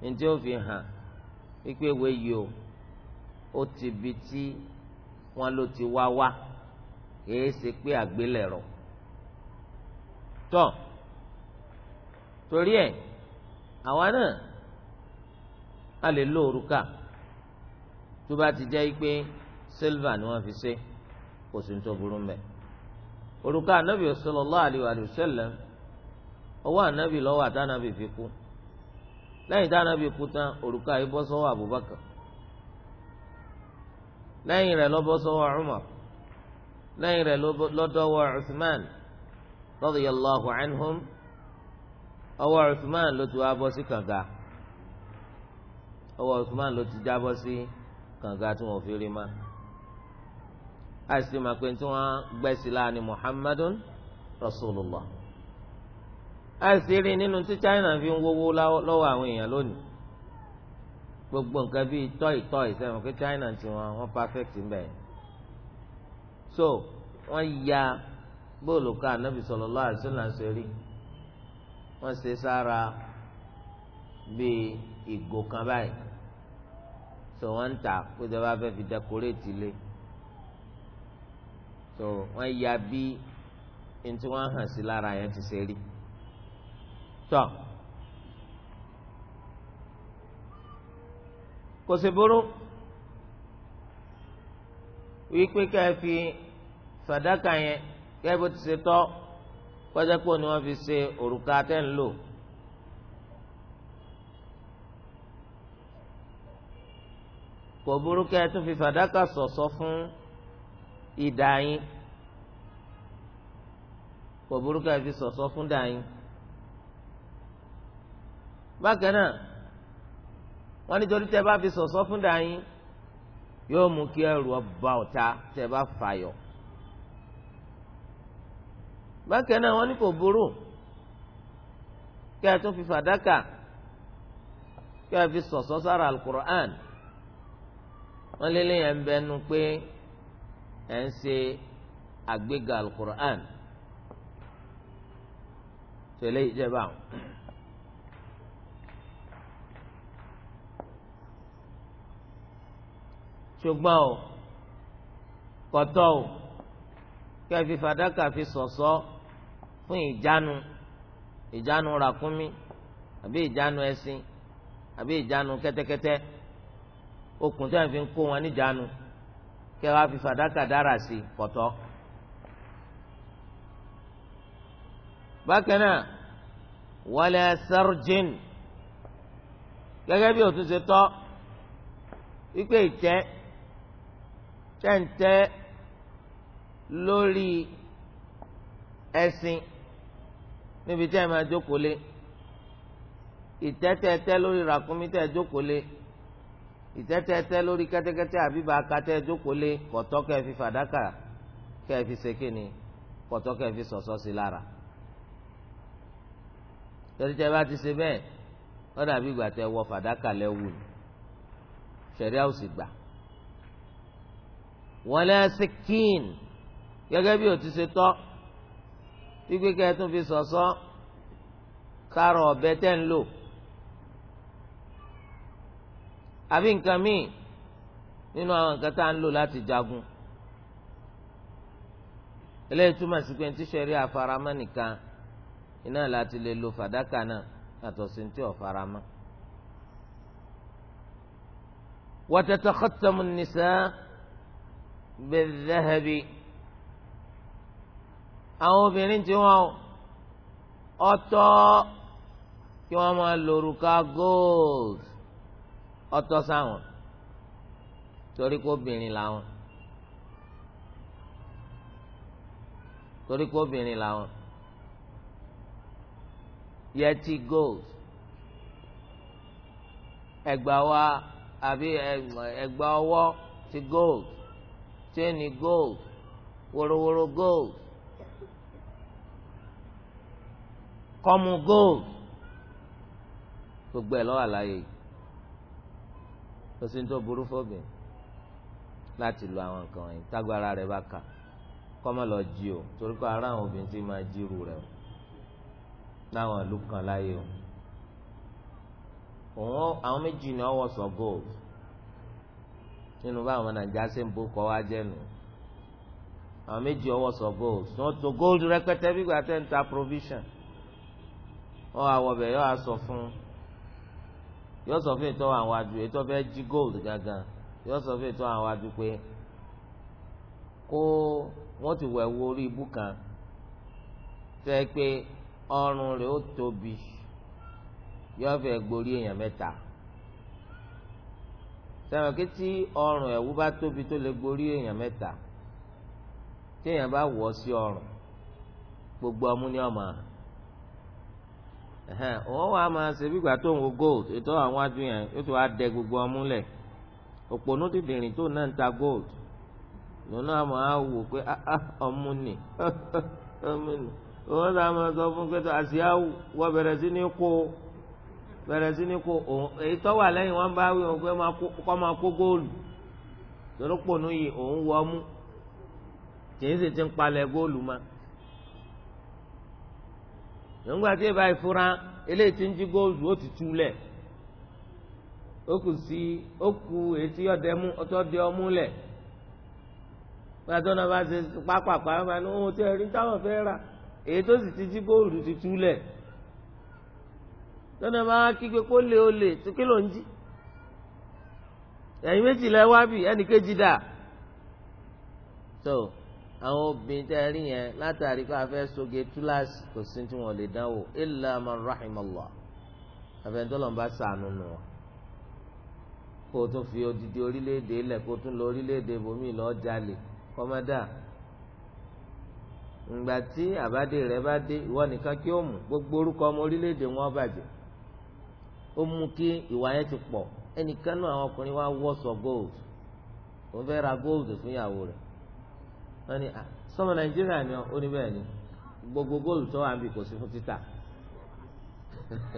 ní tí ó fi hàn wípé ìwé o ó ti bi tí wọ́n ló ti wá wá kìí ṣe pé àgbélẹ̀rọ tọ́ torí ẹ̀ àwa náà a lè lo òrùka tó bá ti jẹ́ pé silver ni wọ́n fi ṣe kò sí ní tó burú mbẹ́ òrùka anabi sallallahu alaihi wa sallam ọwọ́ anabi lọ́wọ́ àtànàbì fi kú lẹ́yìn tànàbì kú tán òrùka yìí bọ́ sọ́wọ́ Abubakar lẹ́yìn rẹ̀ lọ bọ́ sọ́wọ́ Umar. lẹ́yìn rẹ̀ lọ́dọ̀wọ́ Uthman radiyallahu anhum ọwọ́ Uthman ló ti wá bọ́ sí kànga ọwọ́ Uthman ló ti jábọ́ sí kànga tí wọ́n fi rí ma àìsí ma pé tí wọ́n gbẹ́sí láàánú Muhammadun rasulillah àìsí rí nínú tí China fi ń wówó lọ́wọ́ àwọn èèyàn lónìí gbogbo nǹkan bíi tọ́ì tọ́ì sẹ́wọ̀n pé China ti wọn wọ́n perfect ń so wọ́n ya bóòlù ká anabi sallallahu alaihi wasallam rí wọ́n ṣe sára bíi ìgò kan báyìí so wọ́n ń tà pé ìjọba fẹ́ẹ́ fi dẹkóréètì lé so wọ́n ya bí ntí wọ́n hàn sí lára yẹn ti ṣe rí tọ kò sí burú wípé ká fi fàdákà yẹn kẹ́ bó ti ṣe tọ́ kọjá pé ni wọ́n fi ṣe òrùka tẹ́ ń lò. kò burú kẹ́ ẹ tún fi fàdákà ṣọ̀ṣọ́ fún ìdá yín kò burú kẹ́ ẹ fi ṣọ̀ṣọ́ fún ìdá bákan náà wọ́n nítorí tẹ́ bá fi ṣọ̀ṣọ́ fún ìdá yóò mú kí ẹrù ọba ọ̀tá tẹ́ bá fàyọ̀ bákan náà wọ́n ní kò burú kí a tún fi fàdákà kí a fi sọ̀sọ́ sára alukur'an wọ́n lé lẹ́yìn ẹ̀ńbẹ́nu pé ẹ̀ ń ṣe àgbéga alukur'an tẹ̀lé ìjẹba. ṣùgbọ́n o kọ̀tọ́ o kẹ́ fi fàdákà fi ṣọ̀ṣọ́ fún ìjánu ìjánu ràkúnmí àbí ìjánu ẹṣin àbí ìjánu kẹ́tẹ́kẹ́tẹ́ okùn tí a fi ń kó wọn níjánu kẹ́ wá fi fàdákà dára sí kọ̀tọ́. bákan náà wala sarjin gẹ́gẹ́ bí òtún ṣe tọ́ wípé ìtẹ́ tẹ́ǹtẹ́ lórí ẹ̀sìn níbi tí ẹ máa jókòó lé ìtẹ́tẹ́tẹ́ lórí ràkúnmí tẹ́ jókòó lé ìtẹ́tẹ́tẹ́ lórí kẹ́tẹ́kẹ́tẹ́ àbíbá akatẹ́ jókòó lé kọ̀tọ́ kẹ́ fi fàdákà kẹ́ fi ṣèkéni kọ̀tọ́ kẹ́ fi sọ̀sọ́ sí lára torí tẹ́ bá ti ṣe bẹ́ẹ̀ ó dàbí ìgbà tẹ́ wọ fàdákà lẹ́wù ni ṣẹ̀ríà ò sì gbà wala sikkin gẹ́gẹ́ bí o ti ṣe tọ́ wípé kẹ́ ẹ tún fi sọ̀sọ́ kárọ̀ ọ̀bẹ tẹ́ ń lò àbí nǹkan míì nínú àwọn nǹkan tá à ń lò láti jagun eléyìí túmọ̀ sí pé tí sẹ́rí àfaramọ́ nìkan iná láti lè lo fàdákà náà yàtọ̀ sí ti ọ̀faramọ́. وتتختم النساء بالذهب àwọn obìnrin tí wọn ọ̀tọ̀ kí wọn máa lòrùka gold ọ̀tọ̀ sáwọn torí kó obìnrin làwọn torí kó obìnrin làwọn yẹtí gold ẹgbà wa àbí ẹgbà ọwọ́ ti gold chain gold worowóró gold kọ́mu gold gbogbo ẹ̀ lọ́wọ́ àlàyé kò sí ní tó burú fóbìn láti lo àwọn nǹkan wọ̀nyí tágbára rẹ̀ bá kà kọ́mọ lọ jí o torí pé ara àwọn obìnrin tí máa jírù rẹ̀ o láwọn ìlú kan láyé o òun àwọn méjì ni ọwọ́ sọ gold nínú báwọn nàìjíríà ṣe ń bó kọ́ wá jẹ́nu àwọn méjì ọwọ́ sọ gold wọ́n tó gold rẹpẹtẹ bí gbàtẹ́ ń ta provision ọ àwọ̀ bẹ̀ yọ àsọ fún yọ sọ fún ètò àwọn àjù ètò fẹ́ jí gold gangan yọ sọ fún ètò àwọn àjù pé kó wọ́n ti wẹ̀ wo orí ibú kan tẹ́ pé ọrùn rẹ̀ ó tóbi yọ fẹ́ gborí èèyàn mẹ́ta sẹ́wọ̀n kí tí ọrùn ẹ̀wú bá tóbi tó lè gborí èèyàn mẹ́ta tí èèyàn bá wọ̀ ọ́ sí ọrùn gbogbo ọmú ni ọmọ wọ́n wá máa ṣe bígbà tó ń wo gold ètò àwọn adùn yóò tó wá dẹ gbogbo ọmú lẹ̀ tó náà ń ta gold lọ́nà àmọ́ á wò pé ah, ah, ọmú ọmú wọ́n sá máa sọ fún pẹ́tọ́ wọ́n bẹ̀rẹ̀ sí ní kó bẹ̀rẹ̀ sí ní kó èyí tó wà lẹ́yìn bá wí pé kọ́ máa kó nígbà tí ìbá ìfura eléyìí ti ń jí góòlù ó ti tú lẹ̀ ó kù sí ó kù etí ọ̀dẹ́mú ọ̀tọ́dẹ́ ọmú lẹ̀ gbàtọ́ náà bá ṣe pápápá bá ní ohun tí ẹ̀rí táwọn fẹ́ rà èyí tó sì ti jí góòlù ti tú lẹ̀ lọ́nà bá kígbe kó lé olè tí kí ló ń jí ẹ̀yin méjìlá wá ẹnì kejì dà àwọn obìnrin tẹ́ rí yẹn látàrí pé a fẹ́ soge túláàsì kò sí tí wọ́n lè dánwò illa man rahimallah àfẹnudọ́lọ́n bá sànù nù wọn kó o tún fi odidi orílẹ̀-èdè ilẹ̀ kó o tún lọ orílẹ̀-èdè bomi lọ́ọ́ jalè kọ́mọ́dà ǹgbà tí àbádé rẹ̀ bá dé ìwọ nìkan kí ó mú gbogbo orúkọ ọmọ orílẹ̀-èdè wọn bàjẹ́ ó mú kí ìwà yẹn ti pọ̀ ẹnìkan náà àwọn ọkùnrin wa wọ́ sọ gold òun fẹ́ ra gold fún ìyàwó rẹ̀ wọ́n ní à ah, sọmọ nàìjíríà ni ó ní bẹ́ẹ̀ ni gbogbo góòlù tó wà ń bì kò sí fún títà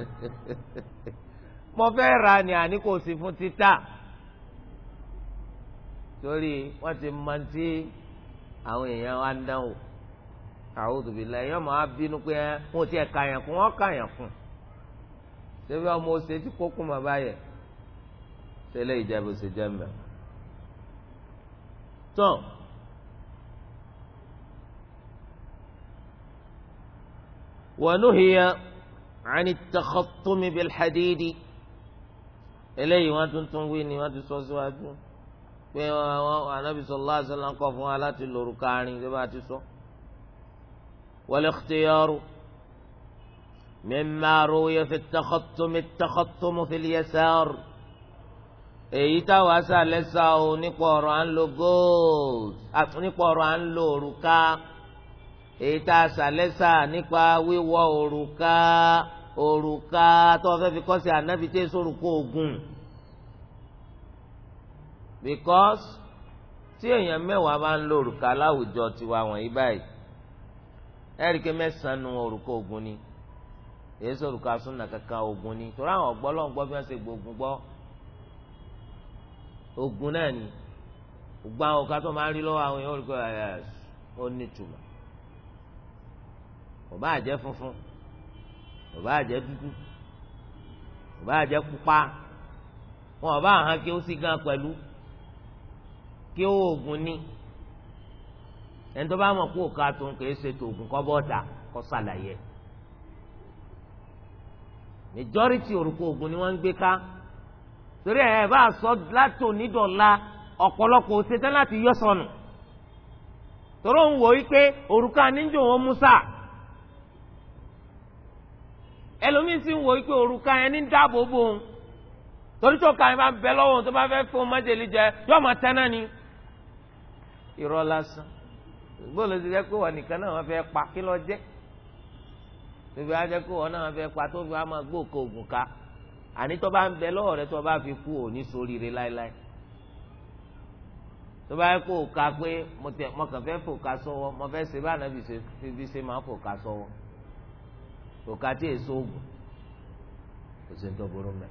mo fẹ́ ra ni àní kò sí fún títà torí wọ́n ti mọ tí àwọn èèyàn wa ń dánwò a'udhu billahi èèyàn máa bínú pé wọn eh, ò tiẹ̀ kàyàn kún wọn kàyàn kún ṣebí ọmọ ọsẹ tí kókó máa bá yẹ tẹ́lẹ̀ ìjẹbù ṣe jẹ mbẹ tán. ونهي عن التخطم بالحديد eléyìí wọn tuntun wí ni wọn ti sọ síwájú pé anabi sallallahu alaihi wasallam kọ̀ fún wa láti lòrù kárin bí wọn ti sọ. والاختيار مما روي في التخطم التخطم في اليسار èyí táwa sá lẹ́sà o nípa ọ̀rọ̀ à ń lo gold nípa ọ̀rọ̀ à ń lo òrùka èyí tá a sàlẹ́sà nípa wíwọ òrùka òrùka tó o fẹ́ fi kọ́ sí ànábì tẹ́ sórùkọ ogun because tí èèyàn mẹ́wàá bá ń lo òrùka láwùjọ tiwa wọ̀nyí báyìí ẹ̀ríkẹ́ mẹ́sàn-án òrùka ogun ni èyí sọ̀rùka súnà kankan ogun ni torí àwọn ọ̀gbọ́n lọ́n gbọ́ bí wọ́n ṣe gbógun gbọ́ ogun náà ni gbogbo àwọn ọ̀ka tó máa ń rí lọ́wọ́ àwọn èèyàn òrùka kò bá jẹ́ funfun kò bá jẹ́ dúdú kò bá jẹ́ pupa wọn ò bá hàn kí ó sì gan pẹ̀lú kí ó oògùn ni ẹni tó bá mọ̀ kó ká tó ń kèé ṣe tó oògùn kọ́ bọ́ ta kọ́ ṣàlàyé majority orúkọ oògùn ni wọ́n ń gbé ká torí ẹ̀ bá sọ látò nídọ̀la ọ̀pọ̀lọpọ̀ ṣetán láti yọ sọnù torí òun wò ó pé òrùka níjò wọn mú sáà ẹlòmíín sì ń wo pé òrùka yẹn ní dáàbò bò ń torí tó ka yẹn bá bẹ lọ́wọ́ ohun tó bá fẹ́ fún májèlé jẹ yóò máa tẹ́ná ni. irọ́ lásán gbọ́dọ̀ ló ti jẹ́ pé wọ́n nìkan náà wọ́n fẹ́ pa kí lọ jẹ́ tóbi wá jẹ́ pé wọ́n náà wọ́n fẹ́ pa tóbi wá máa gbóòkó ògùn ká àní tó bá ń bẹ lọ́wọ́ rẹ tó bá fi kú òní sóríire láéláé tó bá yẹ kó ka pé mo kàn fẹ́ fò ká sọ́wọ́ mo fẹ́ ṣe bá ànábì ṣe bí ṣe máa fò ká sọ́wọ́. òkà tí èso oògùn kò sí nítorí burú mẹ.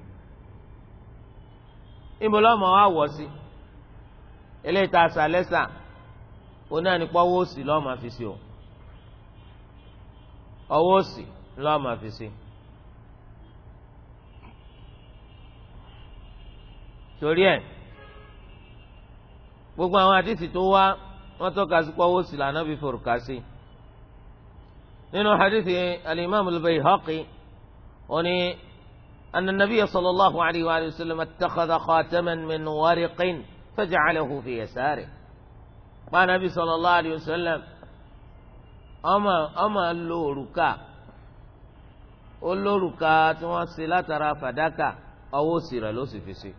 ìmọ̀lọ́mọ wa wọ̀ sí eléyìí tá a sà lẹ́sà òun náà òsì fi sí o ọwọ́ òsì fi sí. torí ẹ gbogbo àwọn àdìsí tó wá wọn tọ́ka sí pọ́wọ́ òsì lànà nínú hadithi alimami albayhaqi oni anna nabiya sallallahu alayhi wa sallam atakada khataman min wariqin fajacalahu fi yasaari kpa nabi sallallahu alayhi wa sallam ọmọ ọmọ lóruka olóruka tí wọn ṣe látara fàdákà ọwọ́ òsì rẹ̀ ló sì fi ṣe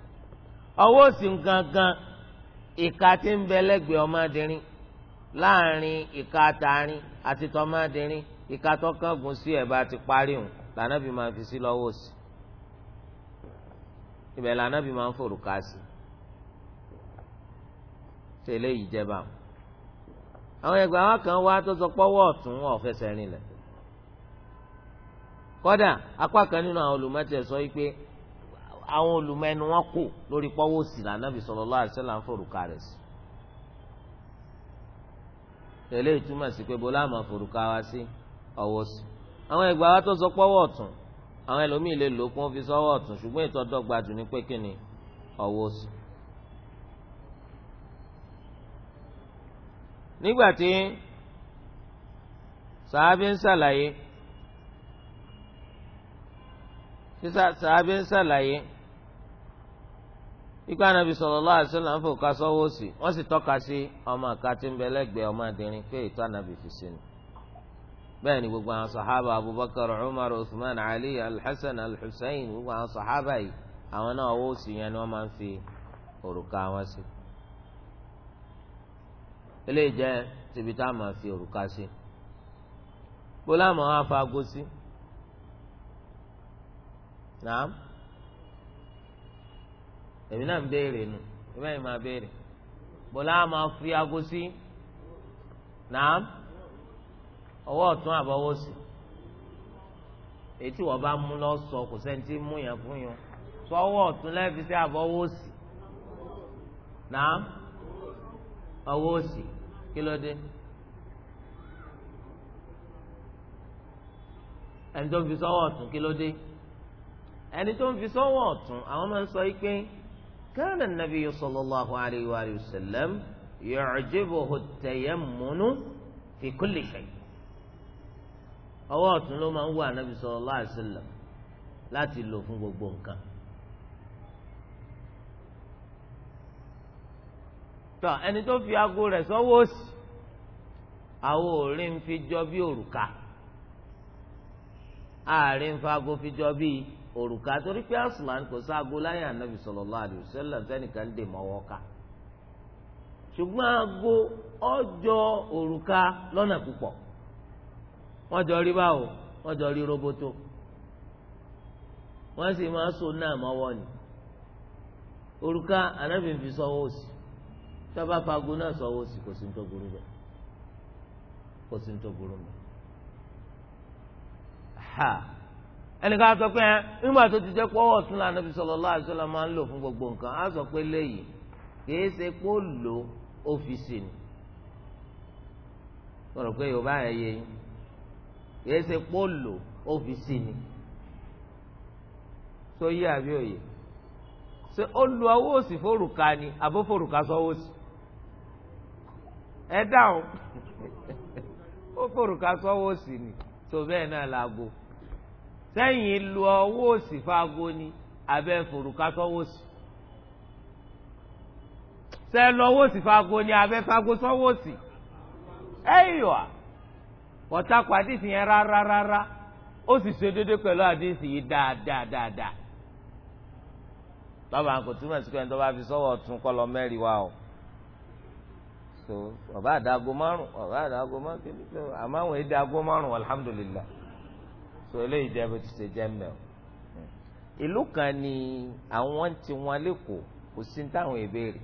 ọwọ́ òsì gangan ìka tí ń bẹ lẹ́gbẹ̀ẹ́ ọmọdérin láàrin ìka àtàrin àti tọmọdérin ìka tó kángun sí ẹ̀bá ti parí hùn lànàbí máa fi sí lọ́wọ́ sí ibẹ̀ lànàbí máa ń fòrùka sí tẹ̀lé ìjẹba àwọn ẹgbẹ́ àwọn kan wá tó sọ pọ́wọ́ ọ̀tún ọ̀fẹsẹ̀ rinlẹ̀ kọ́dà apá kan nínú àwọn olùmọ̀tẹ̀ sọ wípé àwọn olùmọ̀ẹ́nu wọn kò lórí pọ́wọ́ sí lànàbí sallallahu alaihi wasallam ń fòrùka rẹ̀ sí tẹ̀lé ìtumọ̀ sí pé bọ́lá àmọ̀ fòrùka wá sí. Si ọwọ́ sí àwọn ẹgbàá wa tó sọ pọ́wọ́ ọ̀tún àwọn ẹlòmíì lè lò kún fi sọ́wọ́ ọ̀tún ṣùgbọ́n ètò ọ̀dọ́gba jù ní pé ni ọwọ́ sí. nígbà tí sàábí ń ṣàlàyé sàábí ń ṣàlàyé ikú anabi sallallahu alaihi wasallam fò ká sọ́wọ́ sí wọ́n sì tọ́ka sí ọmọ àkàtì ń ọmọ àdìrín pé ètò anabi fi sí ni. bẹ́ẹ̀ ni gbogbo àwọn sàhábà abubakar umar usman ali alhassan alhussein gbogbo àwọn sàhábà yìí àwọn náà owó sì yẹn ni wọ́n máa ń fi òrùka wọn sí. ilé jẹ́ tìbí tá a máa fi òrùka sí. bólá mọ̀ á fa aago sí. nàám èmi náà ń béèrè nù ìbẹ́ẹ̀ ni béèrè bólá mọ̀ á fi aago sí. nàám ọwọ́ ọ̀tún àbọ̀wọ́ sí ètí wọ́n bá mú lọ sọ kò sẹ́ni tí mú yẹn fún yẹn sọ ọwọ́ ọ̀tún lẹ́ẹ̀fi sí àbọ̀wọ́ sí náà ọwọ́ òsì kí ló dé ẹni tó ń fi sọ́wọ́ ọ̀tún kí ló dé ẹni tó ń fi sọ́wọ́ ọ̀tún àwọn máa ń sọ yìí pé kana nabiyyu sallallahu alayhi wa sallam yu'jibuhu at-tayammunu fi kulli shay' ọwọ́ ọ̀tún ló máa ń wà Ànábì sallallahu alaihi wasallam láti lò fún gbogbo nǹkan. tọ ẹni tó fi aago rẹ̀ sọ́wọ́ òsì àwọn òòrè ń fi jọ bí òrùka ààrẹ ń fa aago fi jọ bí òrùka torí pé aslan kò sáago láyé Ànábì sallallahu alaihi wasallam sẹ́nìkan dè mọ́wọ́ ká ṣùgbọ́n aago ọjọ́ òrùka lọ́nà púpọ̀. wọ́n jọ rí báwo wọ́n jọ rí roboto wọ́n sì máa so náà mọ́wọ́ ni òrùka anáfíìfì sọ́wọ́ òsì tọ́ba fagun náà sọ́wọ́ òsì kò sí ní tó burú bẹ́ẹ̀ kò sí tó burú bẹ́ẹ̀ ha ẹnìkan á sọ pé nígbà tó ti jẹ́ pọ́wọ́ ọ̀tún lànà fi fún gbogbo nǹkan á sọ pé léyìí kìí ṣe pé ó lò ó fi sè ní. rò kìí ṣe pólò ọ́fíìsì ni tó yí àbí òye ṣe ó lu ọwọ́ òsì fòrùka ni àbó fòrùka sọ́wọ́ òsì ẹ dáhùn ó fòrùka sọ́wọ́ òsì ni tó bẹ́ẹ̀ náà laago sẹ́yìn lu ọwọ́ òsì fáago ni abẹ́ fòrùka sọ́wọ́ òsì sẹ́ lọ́wọ́ òsì fáago ni abẹ́ fáago sọ́wọ́ òsì ẹ̀yọ̀ à ọ̀tá kọ àdìsí yẹn rárá rárá ó sì ṣe déédéé pẹ̀lú àdìsí yìí dáadáa dáadáa. bàbá kò túmọ̀ sí pé ẹni tó bá fi sọ́wọ́ ọ̀tún kọ́ lọ mẹ́rin wa o. so ọba àdáago márùn ọba àdáago márùn kìíní so àmọ́ àwọn èdè àgó márùn alhamdulillah so eléyìí jẹ́ bó ti ṣe jẹ́ mbẹ́ o. ìlú kan ni àwọn tí wọn lẹ́kọ̀ọ́ kò sí táwọn ìbéèrè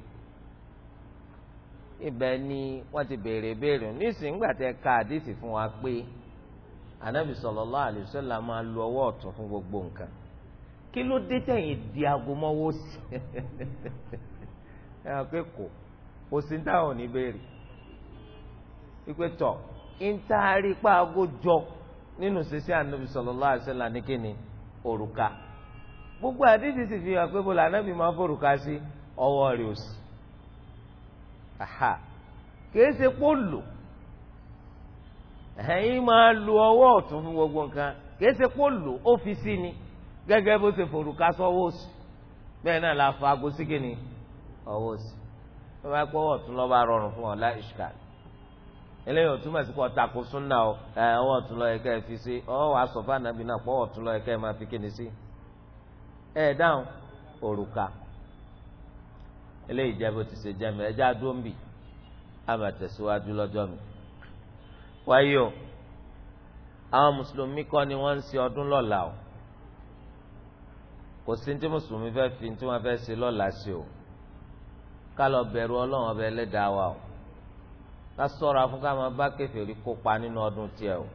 ibẹ̀ ni wọ́n ti béèrè béèrè nísìnyí gbà tẹ ka àdìsí fún wa pé anabi sallallahu alaihi wasallam máa lu ọwọ́ ọ̀tún fún gbogbo nǹkan kí ló dé tẹ̀yìn di aago mọ́wọ́ sí ẹ pé kò kò sí táwọn ní béèrè ìpè tọ̀ ìntaari pa aago jọ nínú sísẹ anabi sallallahu alaihi wasallam ní kíni òrùka gbogbo àdìsí sì fi hàn pé bọ́lá anabi máa fòrùka sí ọwọ́ rẹ̀ òsì kìí ṣe pé ó lò máa lu ọwọ́ ọ̀tún fún gbogbo nǹkan kìí ṣe ni gẹ́gẹ́ bó ṣe fòrùka sọ́wọ́ òsì bẹ́ẹ̀ náà la fa aago sí ọwọ́ òsì kpọọ bá pọ̀ ọ̀tún rọrùn fún ọ̀la ishkal eléyìí ọ̀tún mọ̀ ọ̀tàkùn ọwọ́ ọ̀tún fi sí ọwọ́ àsọ̀fà nàbì náà pọ̀ ọ̀tún lọ́ọ́ eléyìí jẹ́ bó ti ṣe jẹ́ mi ẹjẹ́ adó ń bì á máa tẹ̀síwájú lọ́jọ́ mi. wáyé o àwọn mùsùlùmí kọ́ ni wọ́n ń ṣe ọdún lọ́la o kò sí ní tí mùsùlùmí fẹ́ fi tí wọ́n fẹ́ ṣe lọ́la ṣe o ká lọ bẹ̀rù ọlọ́run ọba ẹlẹ́dàá wa o ká sọ̀rọ̀ fún máa bá kèfèrí kópa nínú ọdún tiẹ̀ o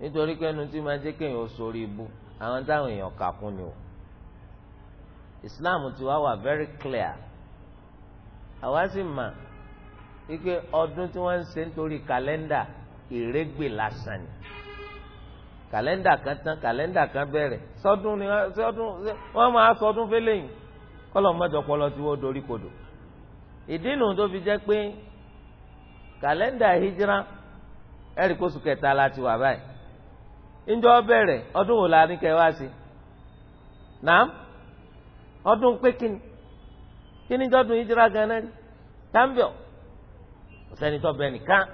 nítorí pé ẹnu tí máa jẹ́ kéèyàn ó sórí ibú àwọn táwọn èèyàn kà fún ni o islam ti wa wà very clear àwa sì mà wípé ọdún tí wọ́n ń se nítorí kàlẹ́ndà ìrégbè lásán ni kàlẹ́ndà kan tán kàlẹ́ndà kan bẹ̀rẹ̀ sọdún ni sọdún wọ́n máa sọdún fẹ́lẹ́yìn kọ́lọ̀ mọ́jọpọlọ tí wọ́n dorí kodò ìdí nu tó fi jẹ́ pé kàlẹ́ndà hijira ẹ̀rí kóṣù kẹta la ti wà báyìí ńjọ́ bẹ̀rẹ̀ ọdún wo la ní kẹ́ wá sí nàá. ọdún pé kíni kíni jọdún ìjìrá ganan ni tambio ọsẹni tó bẹ nìkan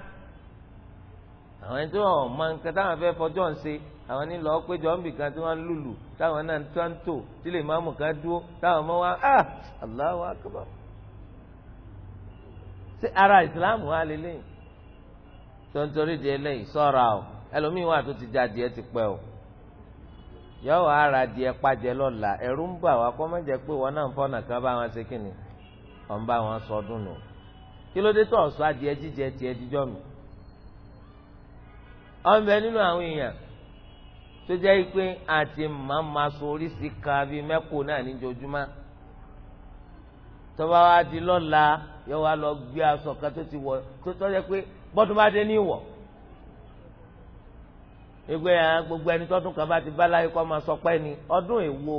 àwọn ẹni tó wọn mọ nǹkan táwọn fẹẹ fọjọ ń ṣe àwọn ní lọ péjọ ń bì kan tí wọn ń lùlù táwọn náà tó ń tò tí lè máàmù kan dúró táwọn mọ wá ah Allahu akbar ṣé ara ìsìláàmù wa lélẹyìn tó ń torí di eléyìí sọ́ra o ẹlòmíín wà tó ti jáde ẹ ti pẹ́ o. yóò ara di ẹ̀pá jẹ lọ́la ẹ̀rú ń bà wá kọ́ má jẹ́ pé wọn náà ń fọ́nà kan bá wọn ṣe kínni wọn bá wọn sọ ọdún nù kí ló dé tó ọ̀sọ́ adìẹ jíjẹ tiẹ̀ díjọ́ mi. ọ̀nbẹ nínú àwọn èèyàn tó jẹ́ pé àti màá ma so oríṣi kan bíi mẹ́kò náà níjojúmọ́ tọ́ba wa di lọ́la yóò wá lọ gbé aṣọ kan tó ti wọ, tó tọ́jẹ́ pé bọ́dún bá dé ní ìwọ̀. gbogbo ẹ̀ gbogbo ẹni tọ́dún kan bá ti bá láyé kọ́ máa sọpẹ́ ni ọdún èwo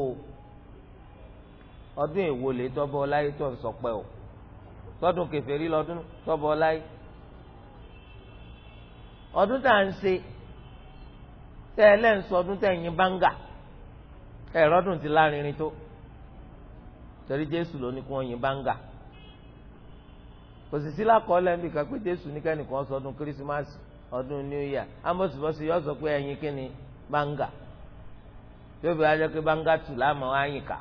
ọdún èwo lè tọ́bọ̀ láyé tó ń sọpẹ́ o tọ́dún kèfèrí lọ́dún tọ́bọ̀ láyé ọdún tá à ń ṣe tẹ́ ẹ lẹ́ ń sọ ọdún tẹ́ ẹ̀yin báńgà ẹ̀rọ ọdún ti lárinrin tó torí Jésù ló ní kí wọ́n yin báńgà kò sì sí lákọọ́lẹ̀ níbi kan pé Jésù ní kẹ́nìkan sọdún Kírísímásì ọdún new year amọ̀sibọ́sí yọ sọ pé ẹyin kí ni banga yóò fi wájú pé banga tù la ayìn ká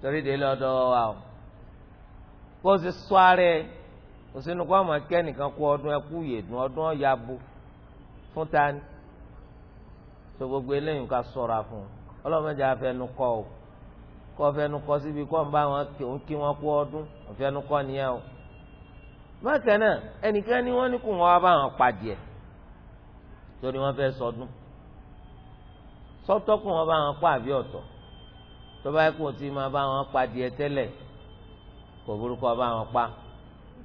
torí de lọ́dọ̀ wa o kó o sì sọ ara ẹ kò sínú kó àwọn akẹ́nìkan kó ọdún ẹkú yèdùn ọdún bu fún ni gbogbo eléyìí ká sọ̀ra fún un afẹnu kọ́ o kọ́ kọ́ síbi kọ́ bá wọn kí bákan náà ẹnìkan ni wọ́n ní kó wọn bá wọn pa díẹ̀ torí wọ́n fẹ́ sọdún sọ́tọ̀ kó wọn bá wọn pa àbí ọ̀tọ̀ tó bá kó tí máa bá wọn pa díẹ̀ tẹ́lẹ̀ kò burúkọ bá wọn pa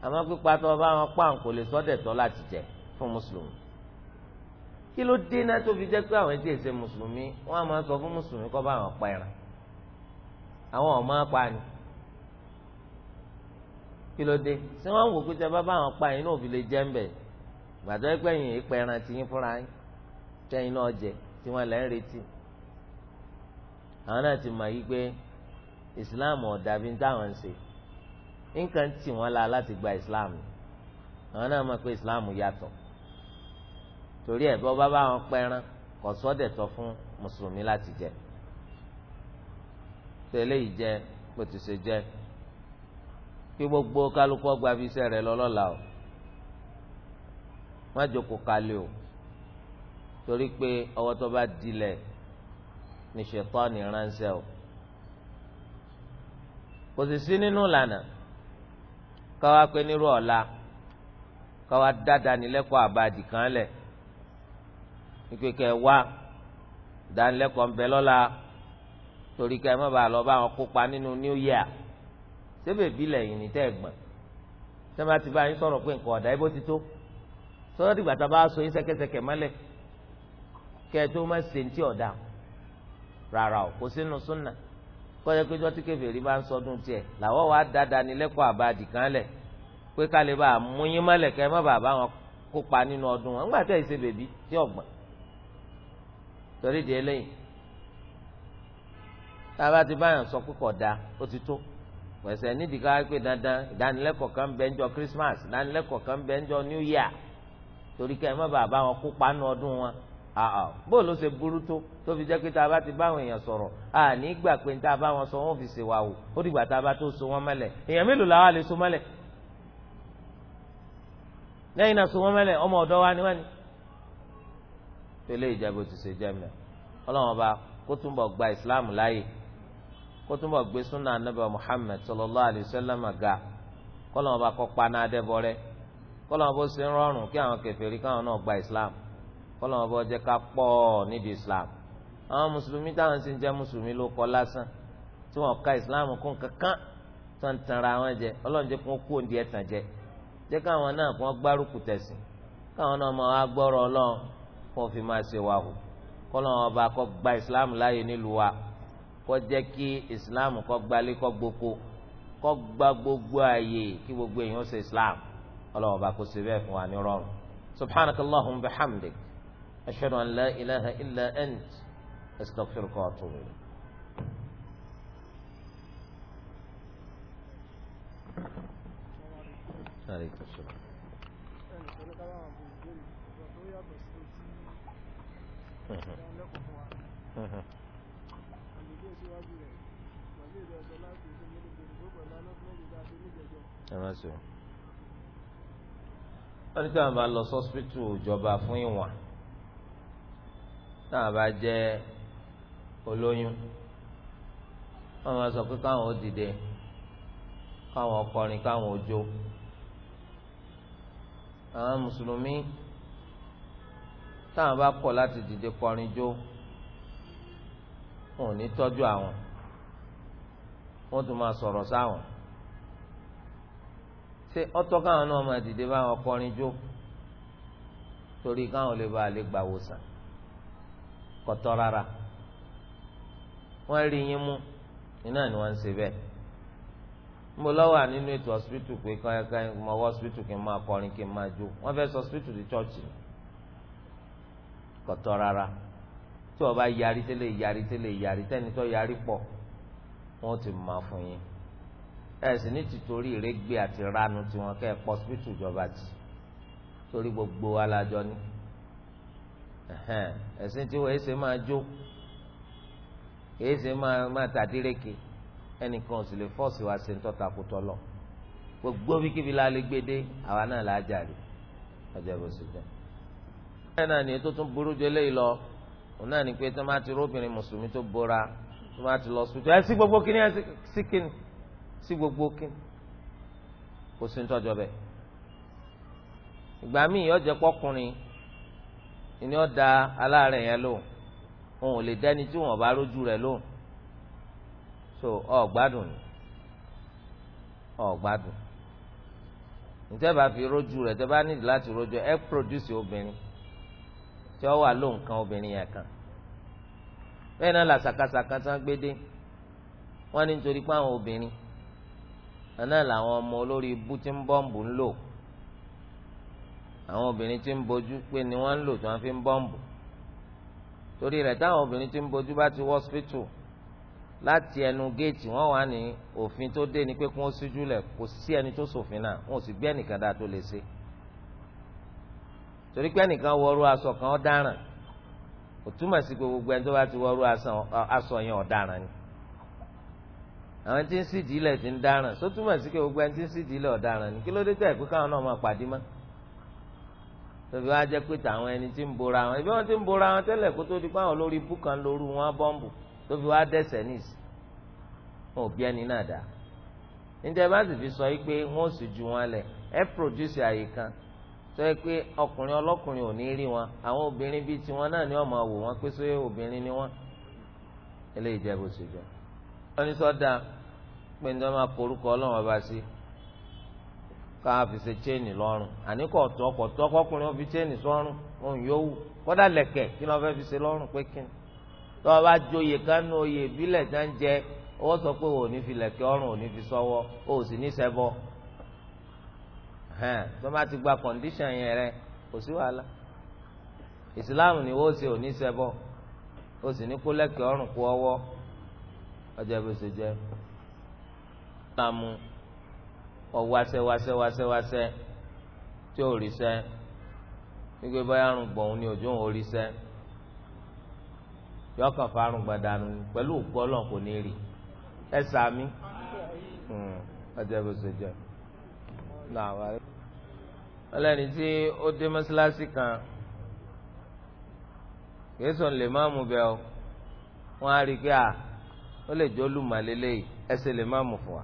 àmọ́ pípa tó bá wọn pa kò lè sọ́dẹ̀tọ́ láti jẹ fún mùsùlùmí kí ló dé náà tó fi jẹ́ pé àwọn ẹtí ẹ̀sẹ̀ mùsùlùmí wọ́n á máa sọ fún mùsùlùmí kó bá wọn pa ẹran àwọn ọ̀ máa ni kí ló dé ṣé wọ́n wò pé tẹ bá bá àwọn pa yín náà òbí lè jẹ́ ń bẹ̀ gbàdọ́ ẹgbẹ́yìn ìpẹ́ ẹran ti yín fúnra yín tẹ́yìn náà jẹ tí wọ́n lẹ́ ń retí àwọn náà ti mọ̀ yí pé ìsìláàmù ọ̀dàbí táwọn ń ṣe nǹkan tì wọ́n la láti gba ìsìláàmù àwọn náà mọ̀ pé ìsìláàmù yàtọ̀ torí ẹ̀ bọ́ bá bá wọn pẹran kò sọ́dẹ̀tọ̀ fún mùsùlùmí láti jẹ tẹ́lẹ̀ yìí jẹ́ bó ti ṣe jẹ́ kí gbogbo kálukú ọgbà fi iṣẹ́ rẹ̀ lọ́lọ́la o má jókòó kalẹ̀ o torí pé ọwọ́ tó bá dilẹ̀ ní ṣètọ́ni ránṣẹ́ o kò sì sí nínú ìlànà káwá pé nírú ọ̀la káwá dáadáa nílẹ́kọ̀ọ́ àbàdì kan lẹ̀ wípé kẹ́ wá dánilẹ́kọ̀ọ́ ń bẹ lọ́la torí kẹ́ ẹ má bàa bá wọn kópa nínú new year sébè bílẹ̀ yìí ní tẹ́ ẹ̀ gbọ̀n sẹ́mi àti báyìí sọ̀rọ̀ pé nǹkan ọ̀dà ibo ti tó sọ́dọ̀ dìgbà tá a bá so yín sẹ́kẹ́sẹ́kẹ́ mọ́lẹ̀ kẹ́ ẹ tó má ṣe ní tí ọ̀dà rárá o kò sínú súnà kọ́jà pé jọ́tí kèfèrí bá ń sọdún tiẹ̀ làwọ́ wa dáadáa ní lẹ́kọ̀ọ́ àbáàdì kan lẹ̀ pé ká lè bá mú yín mọ́lẹ̀ kẹ́ ẹ má bàa bá wọn kópa nínú ọdún wọn ńgbà tẹ́ bèbí tí ọ̀gbọ̀n torí di eléyìí tá a ti báyàn pẹ̀sẹ̀ nídìí ká pé dandan ìdánilẹ́kọ̀ọ́ kan bẹ́ẹ̀ ń jọ Christmas ìdánilẹ́kọ̀ọ́ kan bẹ́ẹ̀ ń New Year torí kẹ́ ẹ má bàa bá wọn kópa nù ọdún wọn bóò ló ṣe burú tó tó fi jẹ́ pé tá a bá ti bá àwọn èèyàn sọ̀rọ̀ a nígbà pé tá a bá wọn sọ wọn ò fi ṣèwà o ó dìgbà tá a bá tó so wọn mọ́lẹ̀ èèyàn mélòó làwa lè so mọ́lẹ̀ lẹ́yìn náà so wọn mọ́lẹ̀ ọmọ ọ̀dọ́ wa ni wọ́n ni. pélé ìjẹ́bù ti ṣe jẹ́ mi ọlọ́run ọba kó túnbọ̀ gba ìsìláàmù láàyè kó túnbọ̀ gbé súnà anábà Muhammad sallallahu alayhi wa sallam ga kọ́lọ́n ọba kọ́ paná kọ́lọ́n ọba ó ń rọrùn kí àwọn káwọn náà gba Islam kọ́lọ́n ọba ọjẹ́ ká Islam àwọn mùsùlùmí táwọn sì ń jẹ́ mùsùlùmí ló kọ́ lásán tí ka Islam kún kankan tó ń tanra àwọn jẹ Ọlọ́run jẹ́ kó kú òǹdí ẹ̀tàn jẹ jẹ́ káwọn náà kó gbárùkù tẹ̀sìn kó jẹ́ kí islam kó gbalé kó gboko kó gba gbogbo ààyè kí gbogbo èèyàn ṣe islam ọlọ́wọ́ bá kó ṣe bẹ́ẹ̀ fún wa ní rọrùn subhanakallahum bihamdik ashhadu an la ilaha illa ant astaghfiruka wa atubu Mm-hmm. mm-hmm. ẹ má sọ wọ́n ní sábà lọ sọ́sìpítù ìjọba fún ìwọ̀n táwọn bá jẹ́ olóyún wọ́n máa sọ pé káwọn ó dìde káwọn ọkọrin káwọn ó jó àwọn mùsùlùmí táwọn bá kọ̀ láti dìde kọrin jó wọn ò ní tọ́jú àwọn wọ́n tún máa sọ̀rọ̀ sáwọn ṣé ọ̀tọ̀ káwọn náà máa dìde báwọn ọkọrin jó torí káwọn lè bá lè gbà wòsàn kọtọ rárá wọn rí yín mú iná ni wọn ń ṣe bẹ́ẹ̀ mo lọ́wọ́ nínú ètò hospital pé kankan mo wọ hospital kí n máa kọrin kí n máa jó wọ́n fẹ́ sọ hospital di chọ́ọ̀chì kọ̀tọ́ rárá tí wọ́n bá yarí tẹ́lẹ̀ yarí tẹ́lẹ̀ yarí tẹ́ni yarí pọ̀ wọ́n ti máa fún yín ẹ sì ní tìtorí ìrẹ́gbẹ́ àti ranu tiwọn kẹ́ ẹ pọ́sibítù ìjọba jì torí gbogbo alájọ ni ẹ̀sìn tí wọ́n ẹ̀sìn máa jó ẹ̀sìn máa máa tàdíreke ẹnìkan ò sì lè fọ́ọ̀sì wá sí ntọ́ta kútọ́ lọ gbogbo bíkíbi la lè gbé dé àwa náà là á jàre ọjọ́ ìbò sì jẹ́. ẹ̀ náà ni ètò tún burú ju eléyìí lọ òun náà ni pé tó máa ti róbìnrin mùsùlùmí tó bora tó máa ti lọ sùn tó ẹ sí gbogbo kíní ẹ sí kíní sí gbogbo kín kò sí nítọ́jọ́ bẹ́ẹ̀ ìgbà míì ọjọ́ pọ́kùnrin ni ó da aláàárẹ̀ yẹn lóhùn òun ò lè dẹ́ni tí wọn bá rójú rẹ̀ lóhùn so ọ gbádùn ni ọ gbádùn ntẹ́bà fi rójú rẹ̀ tẹ́bà nídìí láti rójú ẹ pòdúsì obìnrin tí ó wà lóhùn kan obìnrin yẹn kan bẹ́ẹ̀ náà làṣàkàṣà kan tán wọ́n ní nítorí pé àwọn obìnrin Ana làwọn ọmọ olórí ibú tí ń bọ́ǹbù ń lò àwọn obìnrin tí ń bojú pé ni wọ́n ń lò tí wọ́n fi ń bọ́ǹbù torí rẹ̀ táwọn obìnrin tí ń bojú bá ti wọ́sípítù láti ẹnu géètì wọ́n wà ní òfin tó dé ni pé kí wọ́n síjú lẹ̀ kò sí ẹni tó ṣòfin náà wọn ò sì gbé ẹnìkan dáa tó lè ṣe torí pé ẹnìkan wọrú aṣọ kan ọ̀daràn kò túmọ̀ sí pé gbogbo ẹni tó bá ti wọrú aṣọ yẹn ọ̀daràn ni àwọn tí ń sídìí ilẹ̀ ti ń dáràn tó túmọ̀ sí pé gbogbo ẹni tí ń sídìí ilẹ̀ ọ̀daràn ni kí ló dé tẹ̀ pé káwọn náà máa pàdé mọ́ tòbí wá jẹ́ pé tàwọn ẹni tí ń bora wọn ibi wọn ti ń bora wọn tẹ́lẹ̀ kó tó di pé àwọn olórí ibú kan lóru wọn bọ́ǹbù tóbi wá dẹ́sẹ̀ níìsì wọn ò bí ẹni náà dá níta bá sì fi sọ yìí pé wọn sì ju wọn lẹ̀ ẹ pòdùsì àyè kan tó yẹ pé ọkùnrin ọlọ́kùnrin ò ní rí wọn àwọn obìnrin bíi tiwọn náà ni wọn máa wọ́n ní sọ́dà pé ní wọ́n máa porúkọ ọlọ́run ọba sí ká fi ṣe chain lọ́rùn àní kò tọ́ kò tọ́ kọkùnrin ó fi chain sọ́rùn òun yóò wù kọ́dà lẹ̀kẹ̀ kí ni wọ́n fẹ́ fi ṣe lọ́rùn pé kí ni tọ́ ọ bá joyè kánú oyè ìbílẹ̀ tá ń jẹ owó sọ pé òun ní fi ọrùn ò ní fi sọ́wọ́ ó sì ní sẹ́bọ̀ tó bá ti gba condition yẹn rẹ kò sí wàhálà ìsìláàmù ni wọ́n ṣe ò ní sẹ́bọ̀ ó sì ní kó ọrùn kó ọwọ́ ọjọ́ bó ṣe jẹ́ ìsìlámù ọ̀wáṣẹ́ wáṣẹ́ wáṣẹ́ wáṣẹ́ tí ò rí sẹ́ wípé báyà arùngbọ̀n òun ni òjò òun rí sẹ́ yọkàn fárùngbọ̀n dànù pẹ̀lú ògbọ́lọ̀ kò ní rí ẹ sàmí hmm. ọjọ́ bó ṣe jẹ́ tí ó dé mọ́ṣáláṣí kan kìí sọ̀n lè má mú bẹ́ẹ̀ o wọ́n á rí i pé à ó lè jẹ́ olùmọ̀lélẹ́ yìí ẹsẹ̀ lè má mú fún wa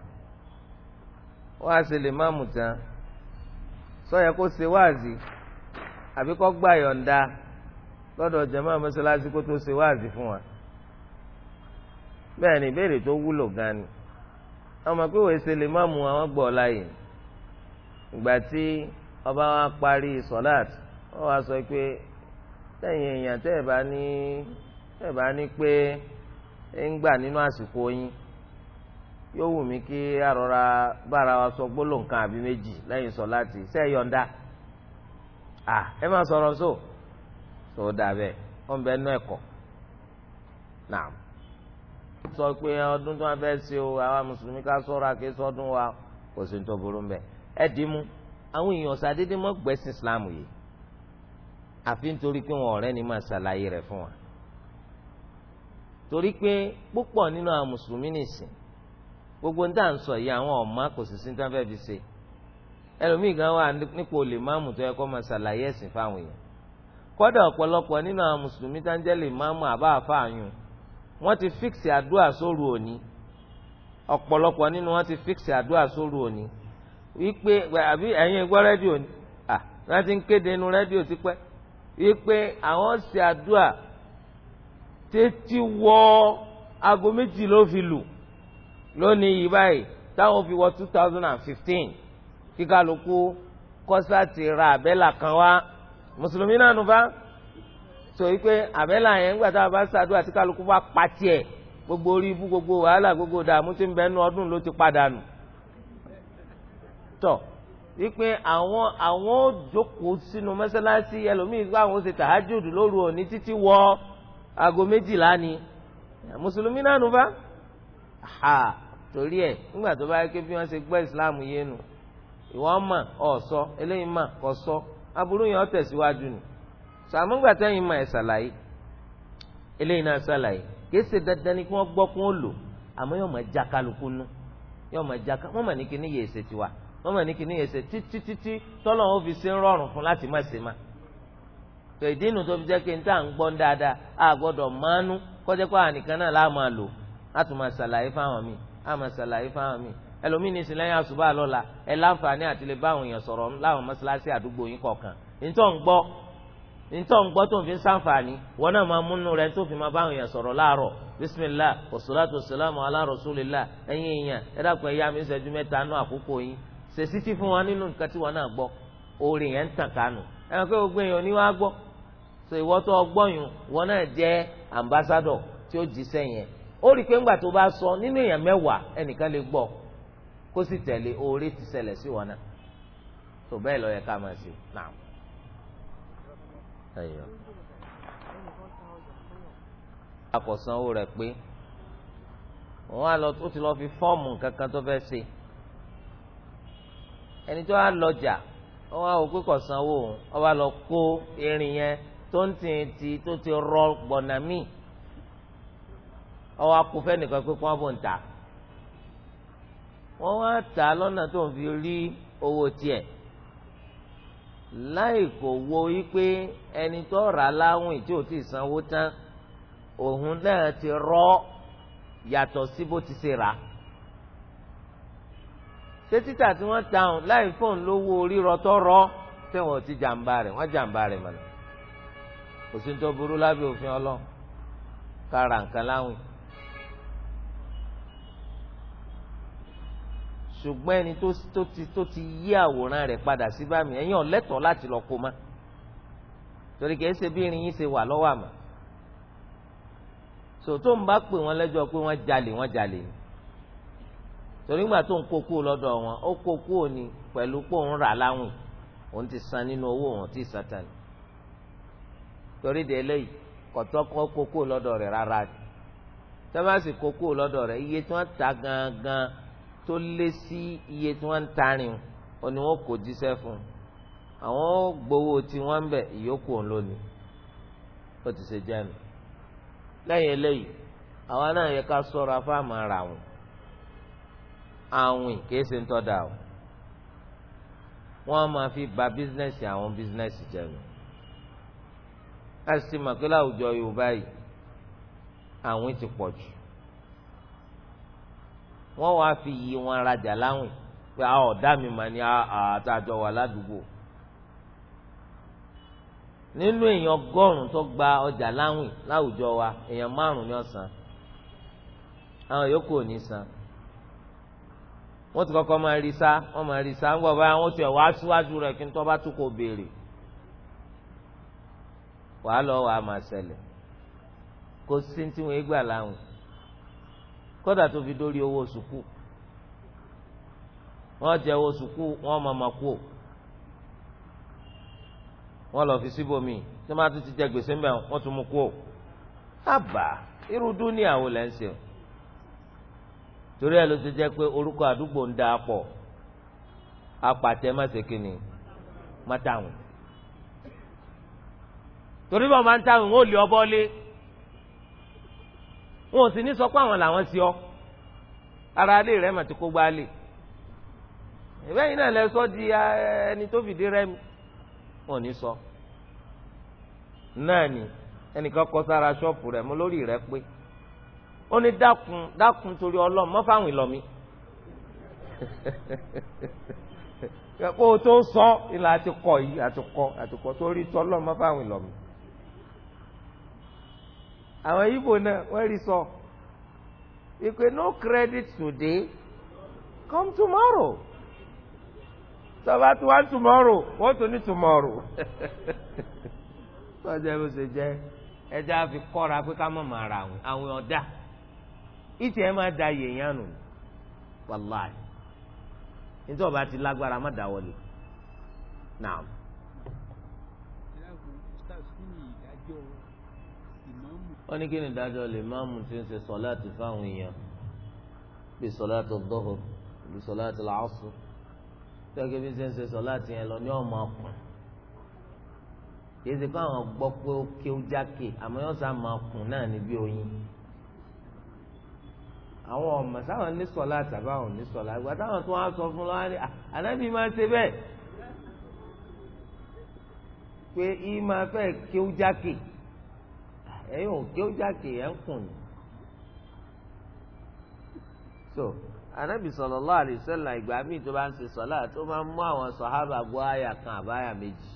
ó wá ṣe lè má mú tán sọ́yẹ kó ṣe wáàzì àbí kó gbà yọ̀ǹda lọ́dọ̀ jàmáà mọ́sálásí kó tó ṣe wáàzì fún wa bẹ́ẹ̀ ni ìbéèrè tó wúlò gan ni àwọn ọmọ pé wòye ṣe lè má àwọn gbọ́ láàyè ìgbà tí ọba wa parí sọ́láàt wọ́n wá sọ pé tẹ̀yìn èèyàn tẹ́ẹ̀ bá ní tẹ́ẹ̀ bá ní pé. ń gbà nínú àsìkò yín yóò wù mí kí arọra bára wa sọ àbí méjì lẹ́yìn sọ láti ṣe é yọ̀ǹda à ẹ máa sọ̀rọ̀ so so dàbẹ̀ wọ́n bẹ nú ẹ̀kọ́ náà sọ pé ọdún tí wọ́n fẹ́ ṣe o àwa mùsùlùmí ká sọ́ra kí sọ́dún wa kò sí tó burú mbẹ ẹ dì mú àwọn èèyàn mọ́ gbẹ́sìn Islam yìí àfi nítorí pé wọn ọ̀rẹ́ ni máa torí pé púpọ̀ nínú àwọn mùsùlùmí nìsín gbogbo ní tà ń sọ yìí àwọn ọ̀ma kò sì sí tán fẹ́ẹ́ fi ṣe ẹlòmíì gan wà nípò lè máàmù tó yẹ kó máa ṣàlàyé ẹ̀sìn fáwọn èèyàn kọ́dà ọ̀pọ̀lọpọ̀ nínú àwọn mùsùlùmí tá ń jẹ́ lè máàmù àbá àfààyàn wọ́n ti fíksì àdúrà sóru òní ọ̀pọ̀lọpọ̀ nínú wọ́n ti fíksì àdúrà sóru òní wípé àbí ẹ̀yin gbọ́ rédíò à wọ́n ti ń kéde inú rédíò tipẹ́ wípé àwọn ṣe àdúrà tètè wọ aago méjì ló fi lù lónìí yìí báyìí táwọn fi wọ two thousand and fifteen kíkàlùkù kọ́sáàtì ra àbẹ́là kan wá mùsùlùmí náà nù bá sọ wípé àbẹ́là yẹn ńgbà tá a bá ṣàdúrà tí kálukú bá pa tiẹ̀ gbogbo orí ibú gbogbo wàhálà gbogbo dààmú tí ń bẹ nu ọdún ló ti padà nù tọ̀ wípé àwọn àwọn jókòó sínú mọ́sálásí ẹlòmíì gbọ́ àwọn ṣe tàhájùdù lóru òní títí wọ́ọ́ aago méjìlá ni mùsùlùmí náà nù bá ha torí ẹ nígbà tó bá yẹ kí bí wọn ṣe gbọ́ ìsìláàmù yé nu ìwọ mà ọ sọ eléyìí mà kọ sọ aburú yẹn ọ tẹ̀síwájú ni sàmúgbà tẹ̀yìn mà ẹ ṣàlàyé eléyìí náà ṣàlàyé kìí dandan ni kí wọ́n gbọ́ kún ó lò àmọ́ yóò máa já kálukú nú yóò máa já ká wọ́n mà ní kíní yèé ṣe tiwa wọ́n mà ní kíní yèé ṣe títí títí tọ́lọ́ wọn fi ṣe ń rọrùn fún láti má ṣe má tó ìdí inú tó fi jẹ́ pé n tá à ń gbọ́n dáadáa a mánú kọjá pé ànìkan náà láà máa lò á máa ṣàlàyé fáwọn mi á ṣàlàyé fáwọn ẹlòmíì ní ìsìnlẹ́yìn àṣùbà lọ́la ẹ láǹfààní àti lè bá àwọn èèyàn sọ̀rọ̀ láwọn mọ́ṣáláṣí wọn náà máa múnú rẹ tó fi máa bá àwọn èèyàn sọ̀rọ̀ láàárọ̀ ẹ̀yin èèyàn ẹ ẹ̀yà mi ṣẹ́jú mẹ́ta àkókò yín fún nínú nǹkan tí wọn náà gbọ́ yẹn so ìwọ tó ọgbọ́yùn wọn náà jẹ́ ambassador tí ó jíṣẹ́ yẹn ó rí i pé ńgbà tó bá sọ nínú èèyàn mẹ́wàá ẹnìkan lè gbọ́ kó sì tẹ̀lé oore ti ṣẹlẹ̀ sí wọn náà tó bẹ́ẹ̀ lọ yẹ ká máa ṣe náà. akọ̀sanwó rẹ̀ pé wọ́n á lọ ó ti lọ fi fọ́ọ̀mù kankan tó fẹ́ ṣe ẹni tó á lọ jà á wò pé kọ̀sanwó òun ó lọ kó irin yẹn tó ń tì tì tó ti rọ gbọ̀nà míì ọwọ́ akófẹ́ nìkan pé kí wọ́n bò ń tà wọ́n wá tà lọ́nà tó ń fi rí owó tiẹ̀ láì kò wo wípé ẹni tó rà láwìn tí ò tí ì sanwó tán òun náà ti rọ yàtọ̀ sí bó ti ṣe rà ṣé títà tí wọ́n ta ọ̀hún láì fóun lówó rírọ tó rọ tẹ̀wọ̀n ti jàǹbá rẹ̀ wọ́n jàǹbá rẹ̀ mọ̀nà kò sí tó burú lábẹ́ òfin ọlọ́run kára nǹkan láwìn. ṣùgbọ́n ẹni tó ti tó ti yí àwòrán rẹ̀ padà sí bá mi ẹ̀yin ọ̀lẹ́tọ̀ọ́ láti lọ kó má torí kìí ṣe bí irin yín ṣe wà lọ́wọ́ àmọ́ sòtó ń bá pè wọ́n lẹ́jọ́ pé wọ́n jalè wọ́n jalè ni torí gbà tó ń kó kúrò lọ́dọ̀ wọn ó kó kúrò ní pẹ̀lú pé òun rà láwìn òun ti san nínú owó òun ti sátani torí de eléyìí kọ̀tọ́ kọ́ kókó lọ́dọ̀ rẹ̀ rárá ni tẹ́lẹ̀sì kókó lọ́dọ̀ rẹ̀ iye tí wọ́n ta gangan tó lé sí iye tí wọ́n ń tarin o ni wọ́n kò jíṣẹ́ fún un àwọn gbowó tí wọ́n ń bẹ̀ ìyókù òun lónìí ó ti ṣe jẹ́ mi lẹ́yìn eléyìí àwa náà yẹ ká sọ̀rọ̀ afáàmà ara wọn àwìn kìí ṣe ń tọ́ da o wọ́n máa fi ba bísínẹ́sì àwọn bísínẹ́sì jẹ́ mi láti mọ̀ pé láwùjọ yorùbá yìí àwìn ti pọ̀ jù wọ́n wáá fi yí wọn rajà láwìn pé a ọ̀dá mi mà ní àtàjọ wà ládùúgbò nínú èèyàn ọgọ́rùn-ún tó gba ọjà láwìn láwùjọ wa èèyàn márùn-ún ní ọ̀sán àwọn yòókù ò ní san wọ́n ti kọ́kọ́ máa rí sá wọ́n máa rí sá ń gbọ́ báyà wọ́n ti ẹ̀ wá síwájú rẹ̀ kí n tó bá tún kò béèrè wàá lọ wàá máa ṣẹlẹ̀ kò sí tí wọ́n gbà láwìn kódà tó fi dórí owó sùkú wọ́n jẹ owó sùkú wọ́n máa máa kú wọ́n lọ fi síbòmí tí wọ́n bá tún ti jẹ gbèsè ń bẹ̀ tún mú kú o àbá irú dúnìá wo lẹ́ ń ṣe torí ẹ̀ ló ti jẹ́ pé orúkọ àdúgbò ń da pọ̀ apàtẹ má ṣe kínní má táwọn torí bá wọn máa ń táwọn wọn ò lé ọbọ lé wọn ò sì ní sọ pé àwọn làwọn sí ọ ara alẹ rẹ mà ti kó gbá lè ìwé yìí náà lẹ sọ di ẹni tó fìdí rẹ mi wọn ò ní sọ náà ni ẹnìkan kọ sára ṣọ́ọ̀pù rẹ̀ mo lórí rẹ̀ pé ó ní dákun dákun torí ọlọ́run mọ́ fáwọn ìlọ mi kó o tó sọ ilà àti kọ yìí àti kọ àti kọ torí tọ́lọ́ mọ́ fáwọn ìlọ mi. àwọn ibo náà wọ́n rí sọ ìpè no credit today come tomorrow sọba tomorrow tún tomorrow fi pé ká ra àwọn àwọn ìtì ti lágbára má náà. wọ́n ní kí ni ìdájọ́ lè máàmù tí ń ṣe sọ́láàtì fáwọn èèyàn bíi sọ́láàtì ọ̀dọ́hùr bíi sọ́láàtì làásù tí wọ́n kébí ṣe ń ṣe sọ́láàtì yẹn lọ ní ọmọ ọkùn yìí ti kọ́ àwọn gbọ́ pé ó ké ó jákè àmọ́ yóò sá máa kùn náà níbi oyin àwọn ọmọ sáwọn ní sọ́láàtì àbáwọn ní sọ́láàtì ìgbà táwọn tó wá sọ fún lọ́wọ́ ni ànábì máa ṣe bẹ́ẹ̀ pé ìmọ̀ afẹ́ ké ó jákè ẹ̀yin ò kí ó jáde kùn ní. so anabi sallallahu alaihi wasallam ìgbà míì tó bá ń ṣe sọlá tó máa ń mú àwọn sọhábà gbọ́ àyà kan àbáyà méjì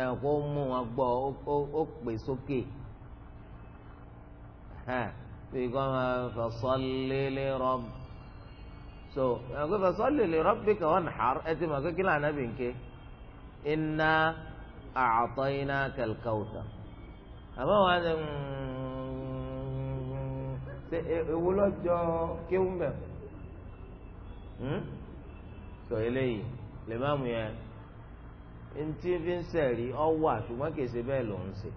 ẹ̀hún kó mú wọn gbọ́ ó pè sókè bí kò máa fasalli li rabb so ẹ̀hún kó fasalli li rabbika wanhar ẹ ti mọ̀ kékeré anabi nké inna a'tainaka al-kawthar. àmọ́ wọn hmm, ṣe ṣe ewu lọ́jọ́ kéwù mbẹ́ hmm? sọ eléyìí lè má mu yẹn ntí fi ń sẹ̀rí ọwọ́ àṣùgbọ́n kìí bẹ́ẹ̀ ló ń ṣe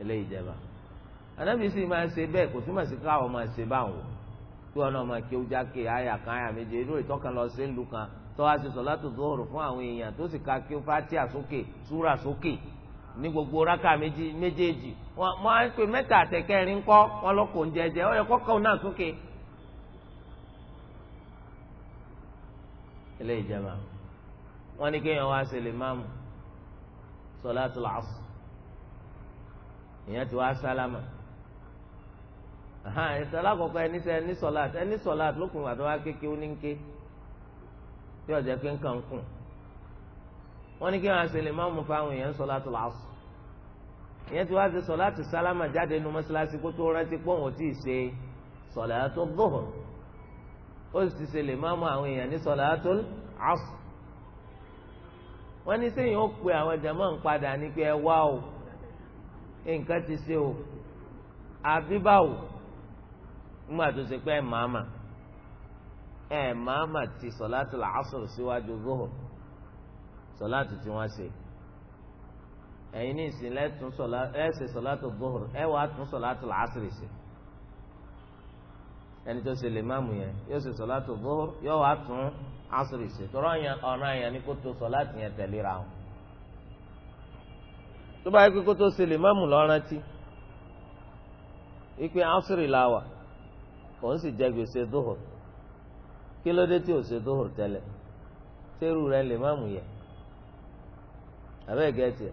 eléyìí jẹba anábì sì máa ṣe bẹ́ẹ̀ kò túmọ̀ sí káwọn máa jákè àyà kan àyà méje inú lọ sí ìlú kan fún àwọn èèyàn tó sì sókè súrà sókè. ní gbogbo raka méjì méjèèjì wọn wọn á pè mẹ́ta àtẹkẹrin kọ wọn lọ kò ń jẹjẹ ọ yẹ kọkọ náà sókè. ilé ìjẹba wọn ní kéèyàn wá sí lè máàmù sọláàtì làásù ìyẹn ti wá sálámà ìsọlá kọkọ ẹni sẹ ẹni sọláàtì ẹni sọláàtì lókùnrin àti wá kékeré ó ní ń ké tí ọjà pé ń kàn kùn wọ́n ní kí wọ́n ṣe lè má mú fáwọn èèyàn sọ̀láàtù lásù ìyẹn tí wọ́n ṣe sọ̀láàtù sálámà jáde nu mọ́ṣáláṣí kó tó rántí pé òun ò tí ì ṣe sọ̀láàtù dùhùn ó sì ti ṣe lè má mú àwọn èèyàn ní sọ̀láàtù lásù wọ́n ní sẹ́yìn ó pe àwọn jàmọ́ ń padà ní pé ẹ wá o nǹkan ti ṣe o àbí báwo nígbà tó ṣe pé ẹ màmá ẹ màmá ti sọ̀láàtù lásù síwájú dùhùn sọláàtì tí wọ́n ṣe ẹ̀yin ní ìsìn lẹ́tún sọlá ẹ̀ṣẹ̀ sọláàtì gbóhùrù ẹ̀ wàá tún sọláàtì làásìrì ṣe ẹni tó ṣe lè máàmù yẹn yóò ṣe sọláàtì gbóhùrù yóò wàá tún àṣírí ṣe tọrọ yẹn ọ̀ràn yẹn ni kó tó sọláàtì yẹn tẹ̀léra wọn tó bá yẹ pé kó tó ṣe lè máàmù lọ́rántí wípé àṣírí la òun sì jẹ gbèsè dóhùrù kí ló dé tí ò ṣe dóhùrù tẹ́lẹ̀ tẹ́rù rẹ lè máàmù yẹn abẹ́ẹ̀ gẹ̀ẹ́tì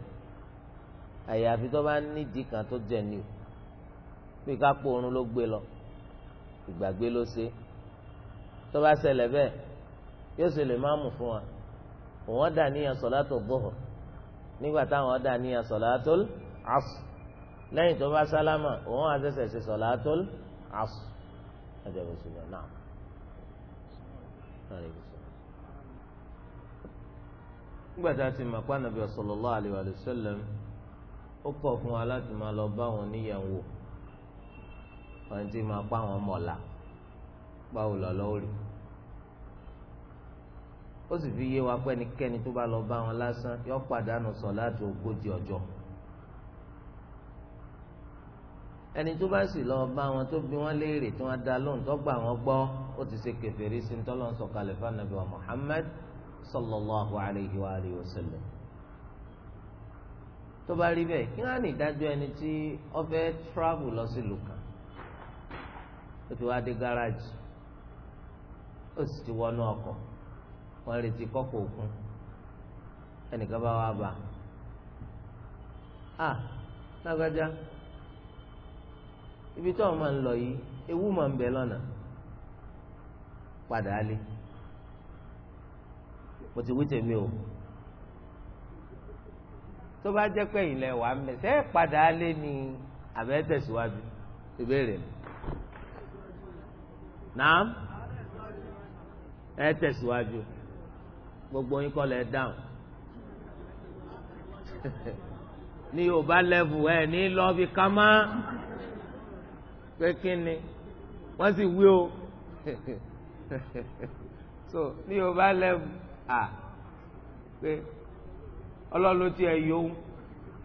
àyàfi tó bá nídìí kan tó jẹ ní o pé kápò oorun ló gbé lọ ìgbàgbé ló ṣe tó bá ṣẹlẹ̀ bẹ́ẹ̀ yóò ṣe lè má mú fún wa òun dà níyàn sọ̀látò gbọ́họ̀ nígbà táwọn dà níyàn sọ̀látò asù lẹ́yìn tó bá sálámà òun àtẹ̀sẹ̀ ṣe sọ̀látò asù ẹ̀jẹ̀ bó ṣe lọ náà nígbà tá a ti mọ̀ pé ànàbì sallallahu alaihi wa sallam ó kọ̀ fún wa láti máa lọ bá wọn níyàwó wọn ti máa pa àwọn mọ̀lá báwo lọ́lọ́ rí ó sì fi yé wa pé ẹnikẹ́ni tó bá lọ bá wọn lásán yọ pàdánù sọ̀láàtì ogójì ọjọ́ ẹni tó bá sì lọ bá wọn tó bí wọn léèrè tí wọn dá lóhùn tó gbà wọn gbọ́ ó ti ṣe kèfèrí sí ń tọ́lọ́ ń sọ̀kalẹ̀ fún ànàbì wa Muhammad صلى الله عليه وآله وسلم. sallam tó bá rí bẹ́ẹ̀ kí wọ́n á ní ìdájọ́ ẹni tí ó fẹ́ travel lọ sí ìlú kan ó ti wá dé gáràjì ó sì ti wọnú ọkọ̀ wọ́n retí kọ́kọ́ òkun ẹnìkan bá wá bá a ah, lágbájá ibi tí wọ́n máa ń lọ yìí ewu máa ń bẹ lọ́nà padà á lé mo ti wí tèmi o tó bá jẹ́ pé ìlẹ̀ wà mẹ́ ṣé ẹ padà lé ní àbẹ́ tẹ̀síwájú ìbéèrè mi naam ẹ tẹ̀síwájú gbogbo yín kọ́ lẹ̀ dáhùn ní yorùbá lẹ́vù ẹ̀ ní lọ́ọ̀bì kámá pé kí ni wọ́n sì wí o so ní yorùbá lẹ́vù à pé ọlọ́run ló ti ẹ̀ yó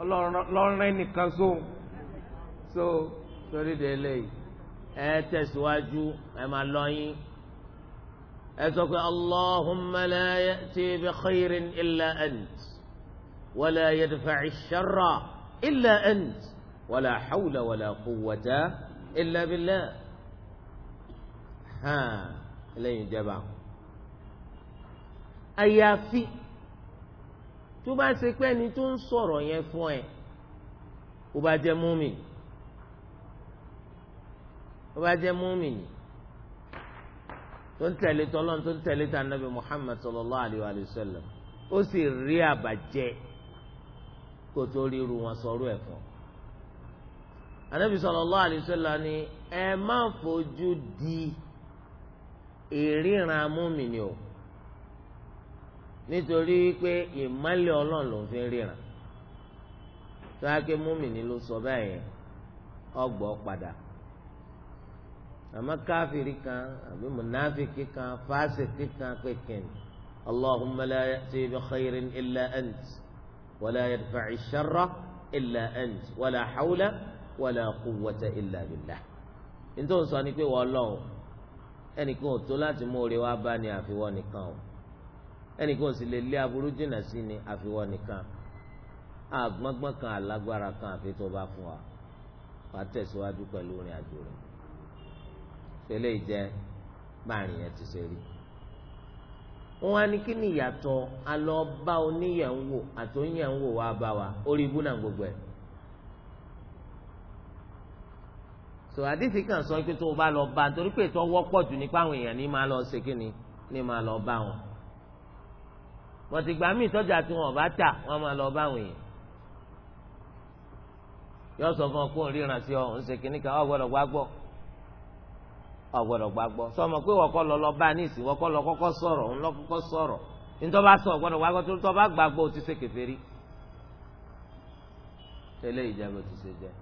ọlọ́run nìkan so so torí de eléyìí ẹ tẹ̀síwájú ẹ máa lọ́yìn ẹ sọ pé allahumma la ya'ti bi khairin illa ant wala yadfa'i sharra illa ant wala hawla wala quwwata illa billah hàn lẹ́yìn jẹba àyàfi tó bá ṣe pé ẹni tó ń sọ̀rọ̀ yẹn fún ẹ ó bá jẹ́ múmìnì ó bá jẹ́ múmìnì tó ń tẹ̀lé tọ́lọ́n tó ń tẹ̀lé tà nàbì Muhammad sallallahu alayhi wa sallam ó sì rí àbàjẹ́ kó tó ríru wọn sọ̀rọ̀ ẹ̀ fún anabi sallallahu alayhi wa sallam ni ẹ má fojú di ìríran múmìnì o nítorí pé ìmọ́lẹ̀ ọlọ́run ló ń fi ríran sáàkì múmìnì ló sọ báyẹn ọgbọ́ padà àmọ́ káfíìrì kan àbí mùnáfíìkì kan fásìkì kan pèkìn اللهم لا يأتي بخير إلا أنت ولا يدفع الشر إلا أنت ولا حول ولا قوة إلا بالله nítorí sọ ni pé wọ́n lọ́wọ́ ẹnì kan ò tó láti mú oore wá bá ní àfiwọ́ nìkan o ẹnìkan sì lè lé aburú jìnnà sí ni àfiwọ́ nìkan àgbọ́ngbọ́n kan alágbára kan àfi tó bá fún wa wà á tẹ̀síwájú pẹ̀lú orin àjò rẹ̀ fẹlẹ́ ìjẹ́ báàrin yẹn ti ṣe rí wọn á ní kí ni ìyàtọ̀ alọ́ bá oníyẹ̀wò wa bá wa orí ibú náà gbogbo ẹ̀ so àdìsí kan sọ pé tó o bá lọ bá nítorí pé tó wọ́pọ̀ jù nípa àwọn èèyàn ní máa lọ ṣe kí ni ní máa lọ bá wọn pọ̀tìgbà míì sọ́jà tí wọn bá tà wọn máa lọ báwọn yìí yọ sọ fún ọ kó n ríran sí ọ ń ṣe kínní kan ọ gbọ́dọ̀ gbá gbọ́ ọ gbọ́dọ̀ gbá gbọ́ sọmọ pé wọkọ lọ lọ bá ní ìsìn wọkọ lọ kọ́kọ́ sọ̀rọ̀ ń lọ kọ́kọ́ sọ̀rọ̀ ntọ́ba sọ ọ gbá gbọ́ tó tọ́ba gbá gbọ́ ó ti ṣe kèfèrí tẹ́lẹ̀ ìjàgbọ́ ti ṣe jẹ́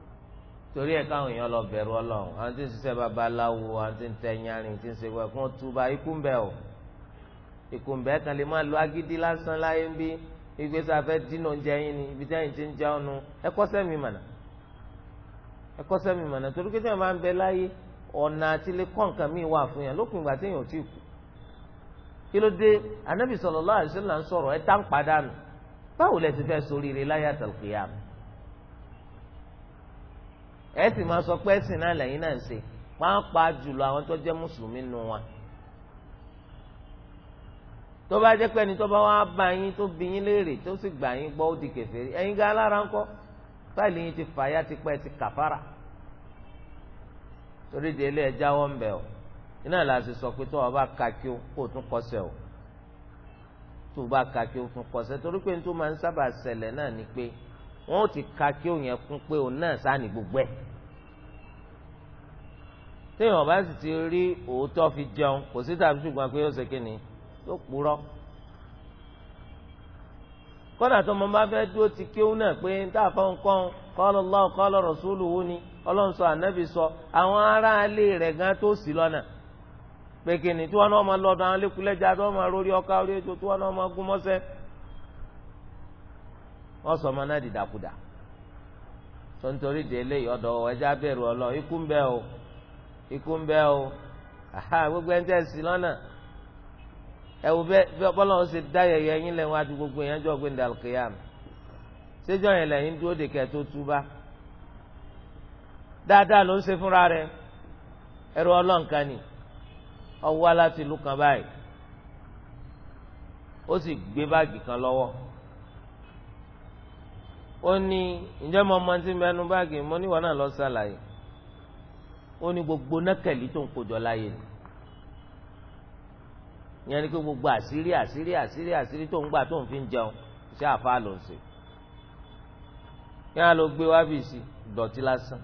torí ẹ̀ káwọn èèyàn lọ bẹ̀rù Ọlọ́run àwọn tí ń ṣiṣẹ́ babaláwo àwọn tí ń tẹ̀yìn arìn tí ń ṣe wẹ̀ fún ọtúba ikú ń bẹ̀ ọ́ ìkùnbẹ́ kan lè máa lo agídí lásán láyé ń bí ìgbésẹ̀ afẹ́ dínà oúnjẹ yín ni ibi táyìn ti ń jẹ ọ́nu ẹ kọ́ṣẹ́ mi mọ̀nà ẹ kọ́ṣẹ́ mi mọ̀nà torí kéde máa ń bẹ láyé ọ̀nà àti ilé kọ̀ǹkan mi wà fún yàn lópin ìgbà téèyàn ò tí ì kú kí ló dé anábì sallallahu alaihi wasallam ń sọ̀rọ̀ ẹ tá ń padànù báwo lẹ ti fẹ́ soríire láyé àtàlùkìyà ẹ sì máa sọ pé ẹ̀sìn náà lẹ́yìn náà ń ṣe pàápàá jùlọ àwọn tó jẹ́ mùsùlùmí nù wọn tó bá jẹ́ pé ẹni tó bá wá bá yín tó bi yín léèrè tó sì gbà yín gbọ́ ó di kèfèrí ẹ̀yin gan alára ńkọ́ fáìlì yín ti fàyà ti pẹ́ ti kàfàrà torí de ilé ẹja wọ́n ń bẹ̀ ọ́ iná làásì sọ pé tó o bá ka o kó tún kọsẹ̀ o tó o bá ka o tún kọsẹ̀ torí pé nítorí máa ń sábà ṣẹlẹ̀ náà ni pé wọ́n ó ti ka kí o yẹn kún pé òun náà sáà gbogbo ẹ̀ téèyàn bá sì ti rí òótọ́ fi jẹun kò sí tàbí ṣùgbọ́n pé ó ṣe kí ni tó purọ́ kọ́dà tó ọmọ bá fẹ́ dúró ti kéwú náà pé ń tà fọ́n kọ́ qala ni ọlọ́run ànábì sọ àwọn aráalé rẹ̀ gan tó sì lọ́nà pèkìnì tí wọn náà máa lọ́dọ̀ àwọn wọn máa rórí ọkà orí ètò tí wọn náà máa gún mọ́sẹ́ wọ́n sọ ọmọ náà di tó ń torí ọ̀dọ̀ ẹja bẹ̀rù ọlọ́ ikú ń o ẹ wo bẹ́ẹ̀ bọ́lọ́run ṣe dá yẹyẹ yín lẹ́wọ̀n àti yẹn jọ gbẹ̀ndà kìyàm ṣéjọ́ yẹn lẹ́yìn dúró de kẹ́ tó daa dáadáa ló ń se fúnra rẹ̀ ẹrú ọlọ́nkan ni ọwọ́ aláti ìlú kan báyìí ó sì gbé báàgì kan lọ́wọ́ ó ní ǹjẹ́ mo mọ tí mẹ́nu báàgì mo níwọ̀n náà lọ sàlàyé ó ní gbogbo nákẹ́lì tó ń kojọ láyé ìyẹn ni pé gbogbo àṣírí àṣírí àṣírí àṣírí tó ń gbà tó ń fi ń jẹun iṣẹ́ àfa ló ń ṣe kí wọn gbé wábì sí dọ̀tí lásán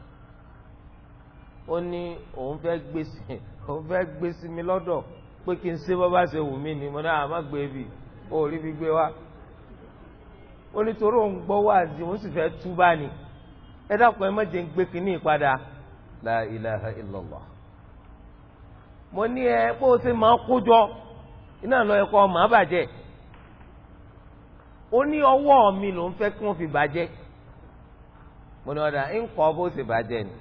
ó ní òun fẹ́ gbé sí òun fẹ́ gbé sí mi lọ́dọ̀ pé kí n ṣe bọ́ bá ṣe wù mí ni mo náà má gbé bì ó rí fi gbé wá ó ní torí òun gbọ́ wá sí òun sì fẹ́ tú bá ni ẹ dákun ẹ má jẹ́ ń gbé kínní ìpadà la ilaha illallah mo ní ẹ pé o ṣe máa kó jọ iná lọ ẹ̀kọ́ ọmọ àbàjẹ́ ó ní ọwọ́ mi ló ń fẹ́ kí wọ́n fi bàjẹ́ mo ní ọ̀dà ń kọ́ bó ṣe bàjẹ́ ni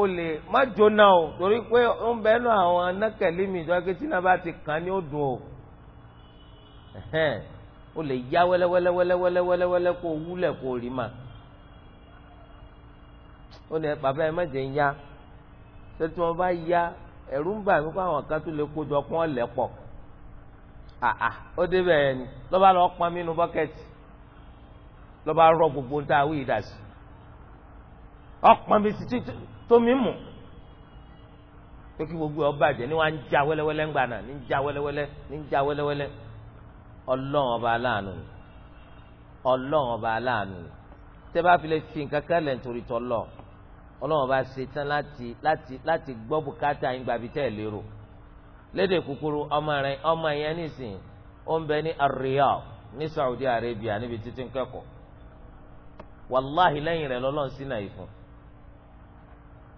o lè má jóná o torí pé ó ń bẹ́nu àwọn anákẹ́lí mi ìjọba pé tí náà bá ti kàn ní òdùn o o lè yá wẹ́lẹ́wẹ́lẹ́wẹ́lẹ́wẹ́lẹ́wẹ́lẹ́ kó wúlẹ̀ kó rí mà ó ní bàbá ẹ má jẹ́ ń yá ṣé tí wọ́n bá yá ẹ̀rù ń bà mí kó àwọn kan tó lè kójọ kó wọn lẹ̀ pọ̀ àà ó débẹ̀ yẹn ni lọ́ba lọ pọn mí nu bọ́kẹ́tì lọ́ba rọ gbogbo tá a wí ìdá sí ọpọn mi sì tó mi mú pé kí gbogbo ọba jẹ ni wọn ń já wẹ́lẹ́wẹ́lẹ́ ń gbà náà ní ń já wẹ́lẹ́wẹ́lẹ́ ní ń já wẹ́lẹ́wẹ́lẹ́ ọlọ́run ọba aláàánú ni ọlọ́run ọba aláàánú ni tẹ́ bá fi lè fi nǹkan kẹ́lẹ̀ nítorí tọ́lọ́ọ̀ ọlọ́run bá ṣe tán láti láti láti gbọ́ bùkátà yín gbàbí tẹ́ ẹ̀ lérò lédè kúkúrú ọmọ rẹ ọmọ yẹn nìsín ó ń bẹ ní Riyadh ní Saudi Arabia níbi títí ń kẹ́kọ̀ọ́ wàláhì lẹ́yìn rẹ̀ lọ́lọ́run sí náà ìfún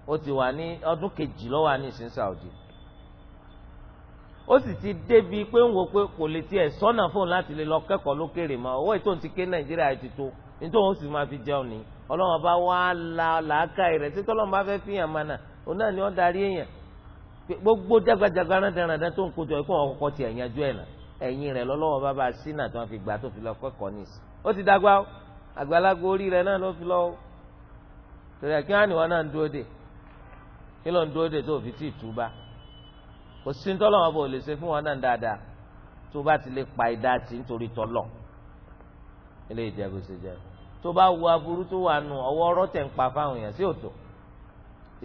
ó ti wà ní ọdún kejì lọ́wọ́ nìsín Saudi ó sì ti débi pé ń wo pé kò lè tiẹ̀ sọ́nà fóun láti lè lọ kẹ́kọ̀ọ́ lókèrè mọ́ owó ètò ti ké Nàìjíríà ti tó. nítorí wọn sì máa fi jẹun ni ọlọ́run bá wá la làákàyè rẹ̀ títí ọlọ́run bá fẹ́ fi hàn mánà òun náà ni darí èèyàn gbogbo jágbajàgba rádaràdá tó ń kojọ ikú àwọn kọkọ tiẹ̀ yanjú ẹ̀ náà ẹ̀yìn rẹ̀ lọ́lọ́wọ́ bá bá a sínà tó fi gbà tó fi lọ fi kò sí bò lè ṣe fún wọn náà dáadáa tó bá ti lè ilé ìjẹbù sí jẹ tó bá wo aburú tó wà nù ọwọ́ ọ̀rọ̀ tẹ̀ ń pa fáwọn èèyàn sí òtò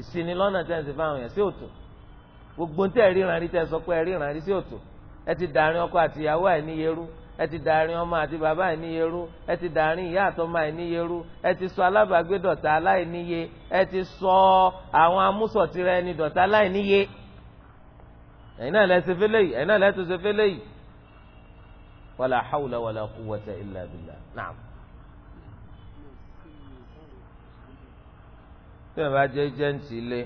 ìsinilọ́nà tẹ̀ ń sè fáwọn èèyàn sí òtò gbogbo tẹ̀ ríran rí tẹ̀ sọ pé ríran rí sí òtò ẹ ti dàrin ọkọ àti ìyàwó ẹ̀ níyerú ẹ ti dàrin ọmọ àti bàbá ẹ̀ níyerú ẹ ti dàrin ìyá àtọmọ ẹ̀ níyerú ẹ ti sọ alábàágbé dọ̀tá aláìníye ẹ ti sọ àwọn amúsọ̀tìrẹ ẹni dọ̀tá aláìníye ẹ̀yin náà lẹ́sẹ̀ fẹ́lẹ́ yìí ẹ̀yin náà lẹ́sẹ̀ fẹ́lẹ́ yìí wala hawla wala quwwata illa billah naam. tí wọ́n bá jẹ́ jẹ́ǹtì ilé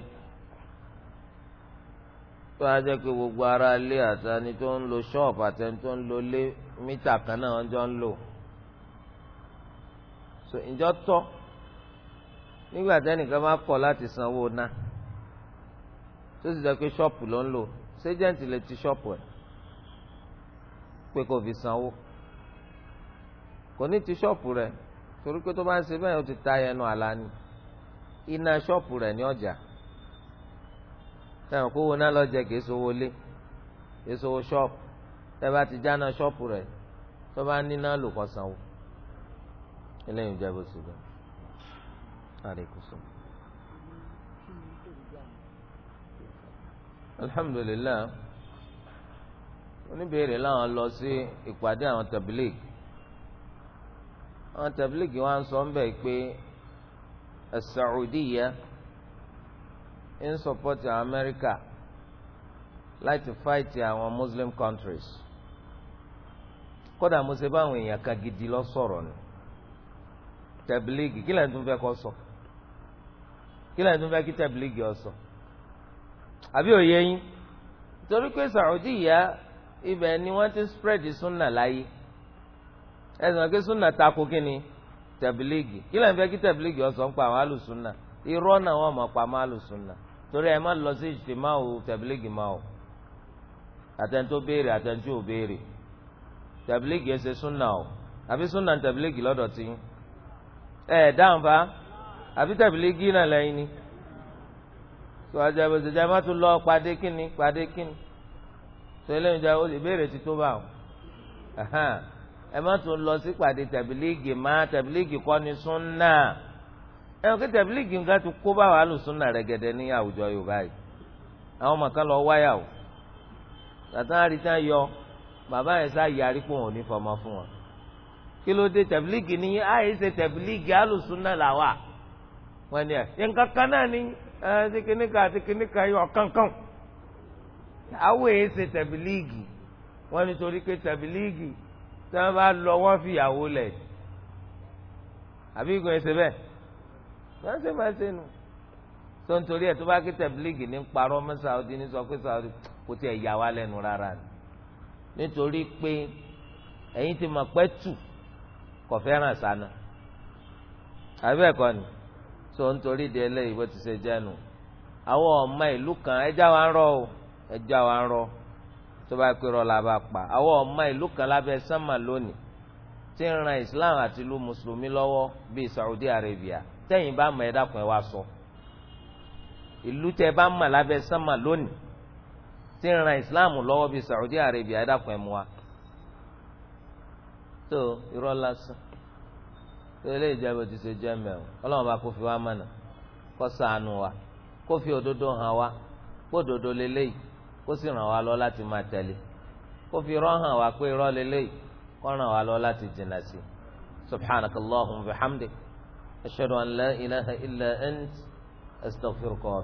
tó a jẹ́ pé gbogbo ara ilé àtàní tó ń lo ṣọ́ọ̀bù àtàní tó ń lo ilé mítà kan náà wọ́n jọ ń lò. so ǹjọ́ tọ́ nígbà tẹ́nìkan bá kọ̀ láti sanwó náà tó sì jẹ́ pé ṣọ́ọ̀bù ló ń lò ṣé jẹ́ǹtì lè ti ṣọ́ọ̀bù ẹ̀ pé kó fi sanwó kò ní ti ṣọ́ọ̀pù rẹ̀ torí pé tó bá ń ṣe bẹ́ẹ̀ ó ti ta ẹnu àlá ni iná ṣọ́ọ̀pù rẹ̀ ní ọjà sẹ́wọ̀n kó wo náà lọ́jẹ̀ kìí sowó lé kìí sowó ṣọ́ọ̀pù tẹ́ bá ti jáná ṣọ́ọ̀pù rẹ̀ tó bá níná lò kọ́ sanwó eléyìí jẹ́ bó ṣe bẹ́ẹ̀ àríkùsùn. alhamdulilayi oníbèrè láwọn lọ sí ìpàdé àwọn tabiliki àwọn tabiliki wa ń sọ ń bẹ̀ pé Saudiya ń sọpọ́tì Amẹ́ríkà láti fáìtì àwọn Muslim countries kódà mo ṣe báwọn èèyàn kan gidi lọ sọ̀rọ̀ ni tabiliki kí lẹ́yìn tó ń fẹ́ kọ́ sọ kí lẹ́yìn tó ń fẹ́ kí tabiliki ọ sọ àbí òye yín torí pé Saudiya ibẹ̀ ni wọ́n ti spread sunna láyé ẹ̀sìn wọn kí sunna tako kí ni tẹ̀bílíìgì kí lóun fẹ́ kí tẹ̀bílíìgì ọ̀sán pa àwọn alùsùnà irọ́ náà wọ́n mọ̀ pa àwọn alùsùnà torí ẹ̀ má lọ sí ìjìtìmá o tẹ̀bílíìgì má o àtẹ̀ntó béèrè àtẹ̀ntó ò béèrè tẹ̀bílíìgì ẹsẹ̀ sunna o àfi sunna tẹ̀bílíìgì lọ́dọ̀ tí ẹ̀ dáhùn fa àfi tẹ̀bílíìgì náà lẹ́yìn ni tó ajá ìbòsèjà má tún lọ pàdé kíni pàdé kíni tó eléyìí jẹ́ ìbéèrè ti tó bá o ẹ má tún lọ sí pàdé tàbílíìgì má tàbílíìgì kọ́ ni súnà ẹ ò kí tàbílíìgì ti kó bá wàá lù súnà rẹ̀ gẹ̀dẹ̀ ní àwùjọ Yorùbá yìí àwọn lọ wáyà o tàtà yọ bàbá yẹn sá yarí pé òun ní fọmọ fún wọn kí ló dé àyè ṣe wọn ni ẹ náà ni àwọn èyí ṣe tẹ̀bílíìgì wọ́n nítorí pé tẹ̀bílíìgì tí wọ́n bá lọ wọ́n fi ìyàwó lẹ̀ àbí ìgbọ̀n ẹsẹ̀ bẹ́ẹ̀ wọ́n ṣe máa ṣe nù tó ń torí ẹ̀ tó bá ké tẹ̀bílíìgì ní parọ́ mọ́ Saudi ní sọ pé Saudi kò tiẹ̀ yà wá lẹ́nu rárá ni nítorí pé ẹ̀yin ti mọ̀ pẹ́ tù kò fẹ́ràn sànà àbí ẹ̀kọ́ ni tó ń torí di ẹlẹ́yìí bó ti ṣe jẹ́nu àwọn ọmọ ìlú kan ẹjá ẹjọ́ àwa ń rọ tó bá pé rọ la bá pa àwọn ọmọ ìlú kan lábẹ́ sánmà lónìí tí ń ran Islam àti ìlú mùsùlùmí lọ́wọ́ bíi Saudi Arabia tẹ́yìn bá mọ̀ ẹ́ dákun ẹ̀ wá sọ ìlú tẹ́ bá mọ̀ lábẹ́ sánmà lónìí tí ń ran Islam lọ́wọ́ bíi Saudi Arabia ẹ̀ dákun ẹ̀ mú wa tó irọ́ lásán tó ilé ìjọba ti ṣe jẹ́ mẹ́rin ọlọ́run bá kó fi wá mọ̀nà kó ṣàánú wa kó fi òdodo hàn wa kó òdodo lélẹ́yìí kó sì ràn wá lọ láti máa tẹ̀lé kó fi irọ́ hàn wá pé irọ́ lélẹ́yìí kó ràn wá lọ láti jìnnà sí subhanak allahumma wa bihamdik ashhadu an la ilaha illa ant astaghfiruka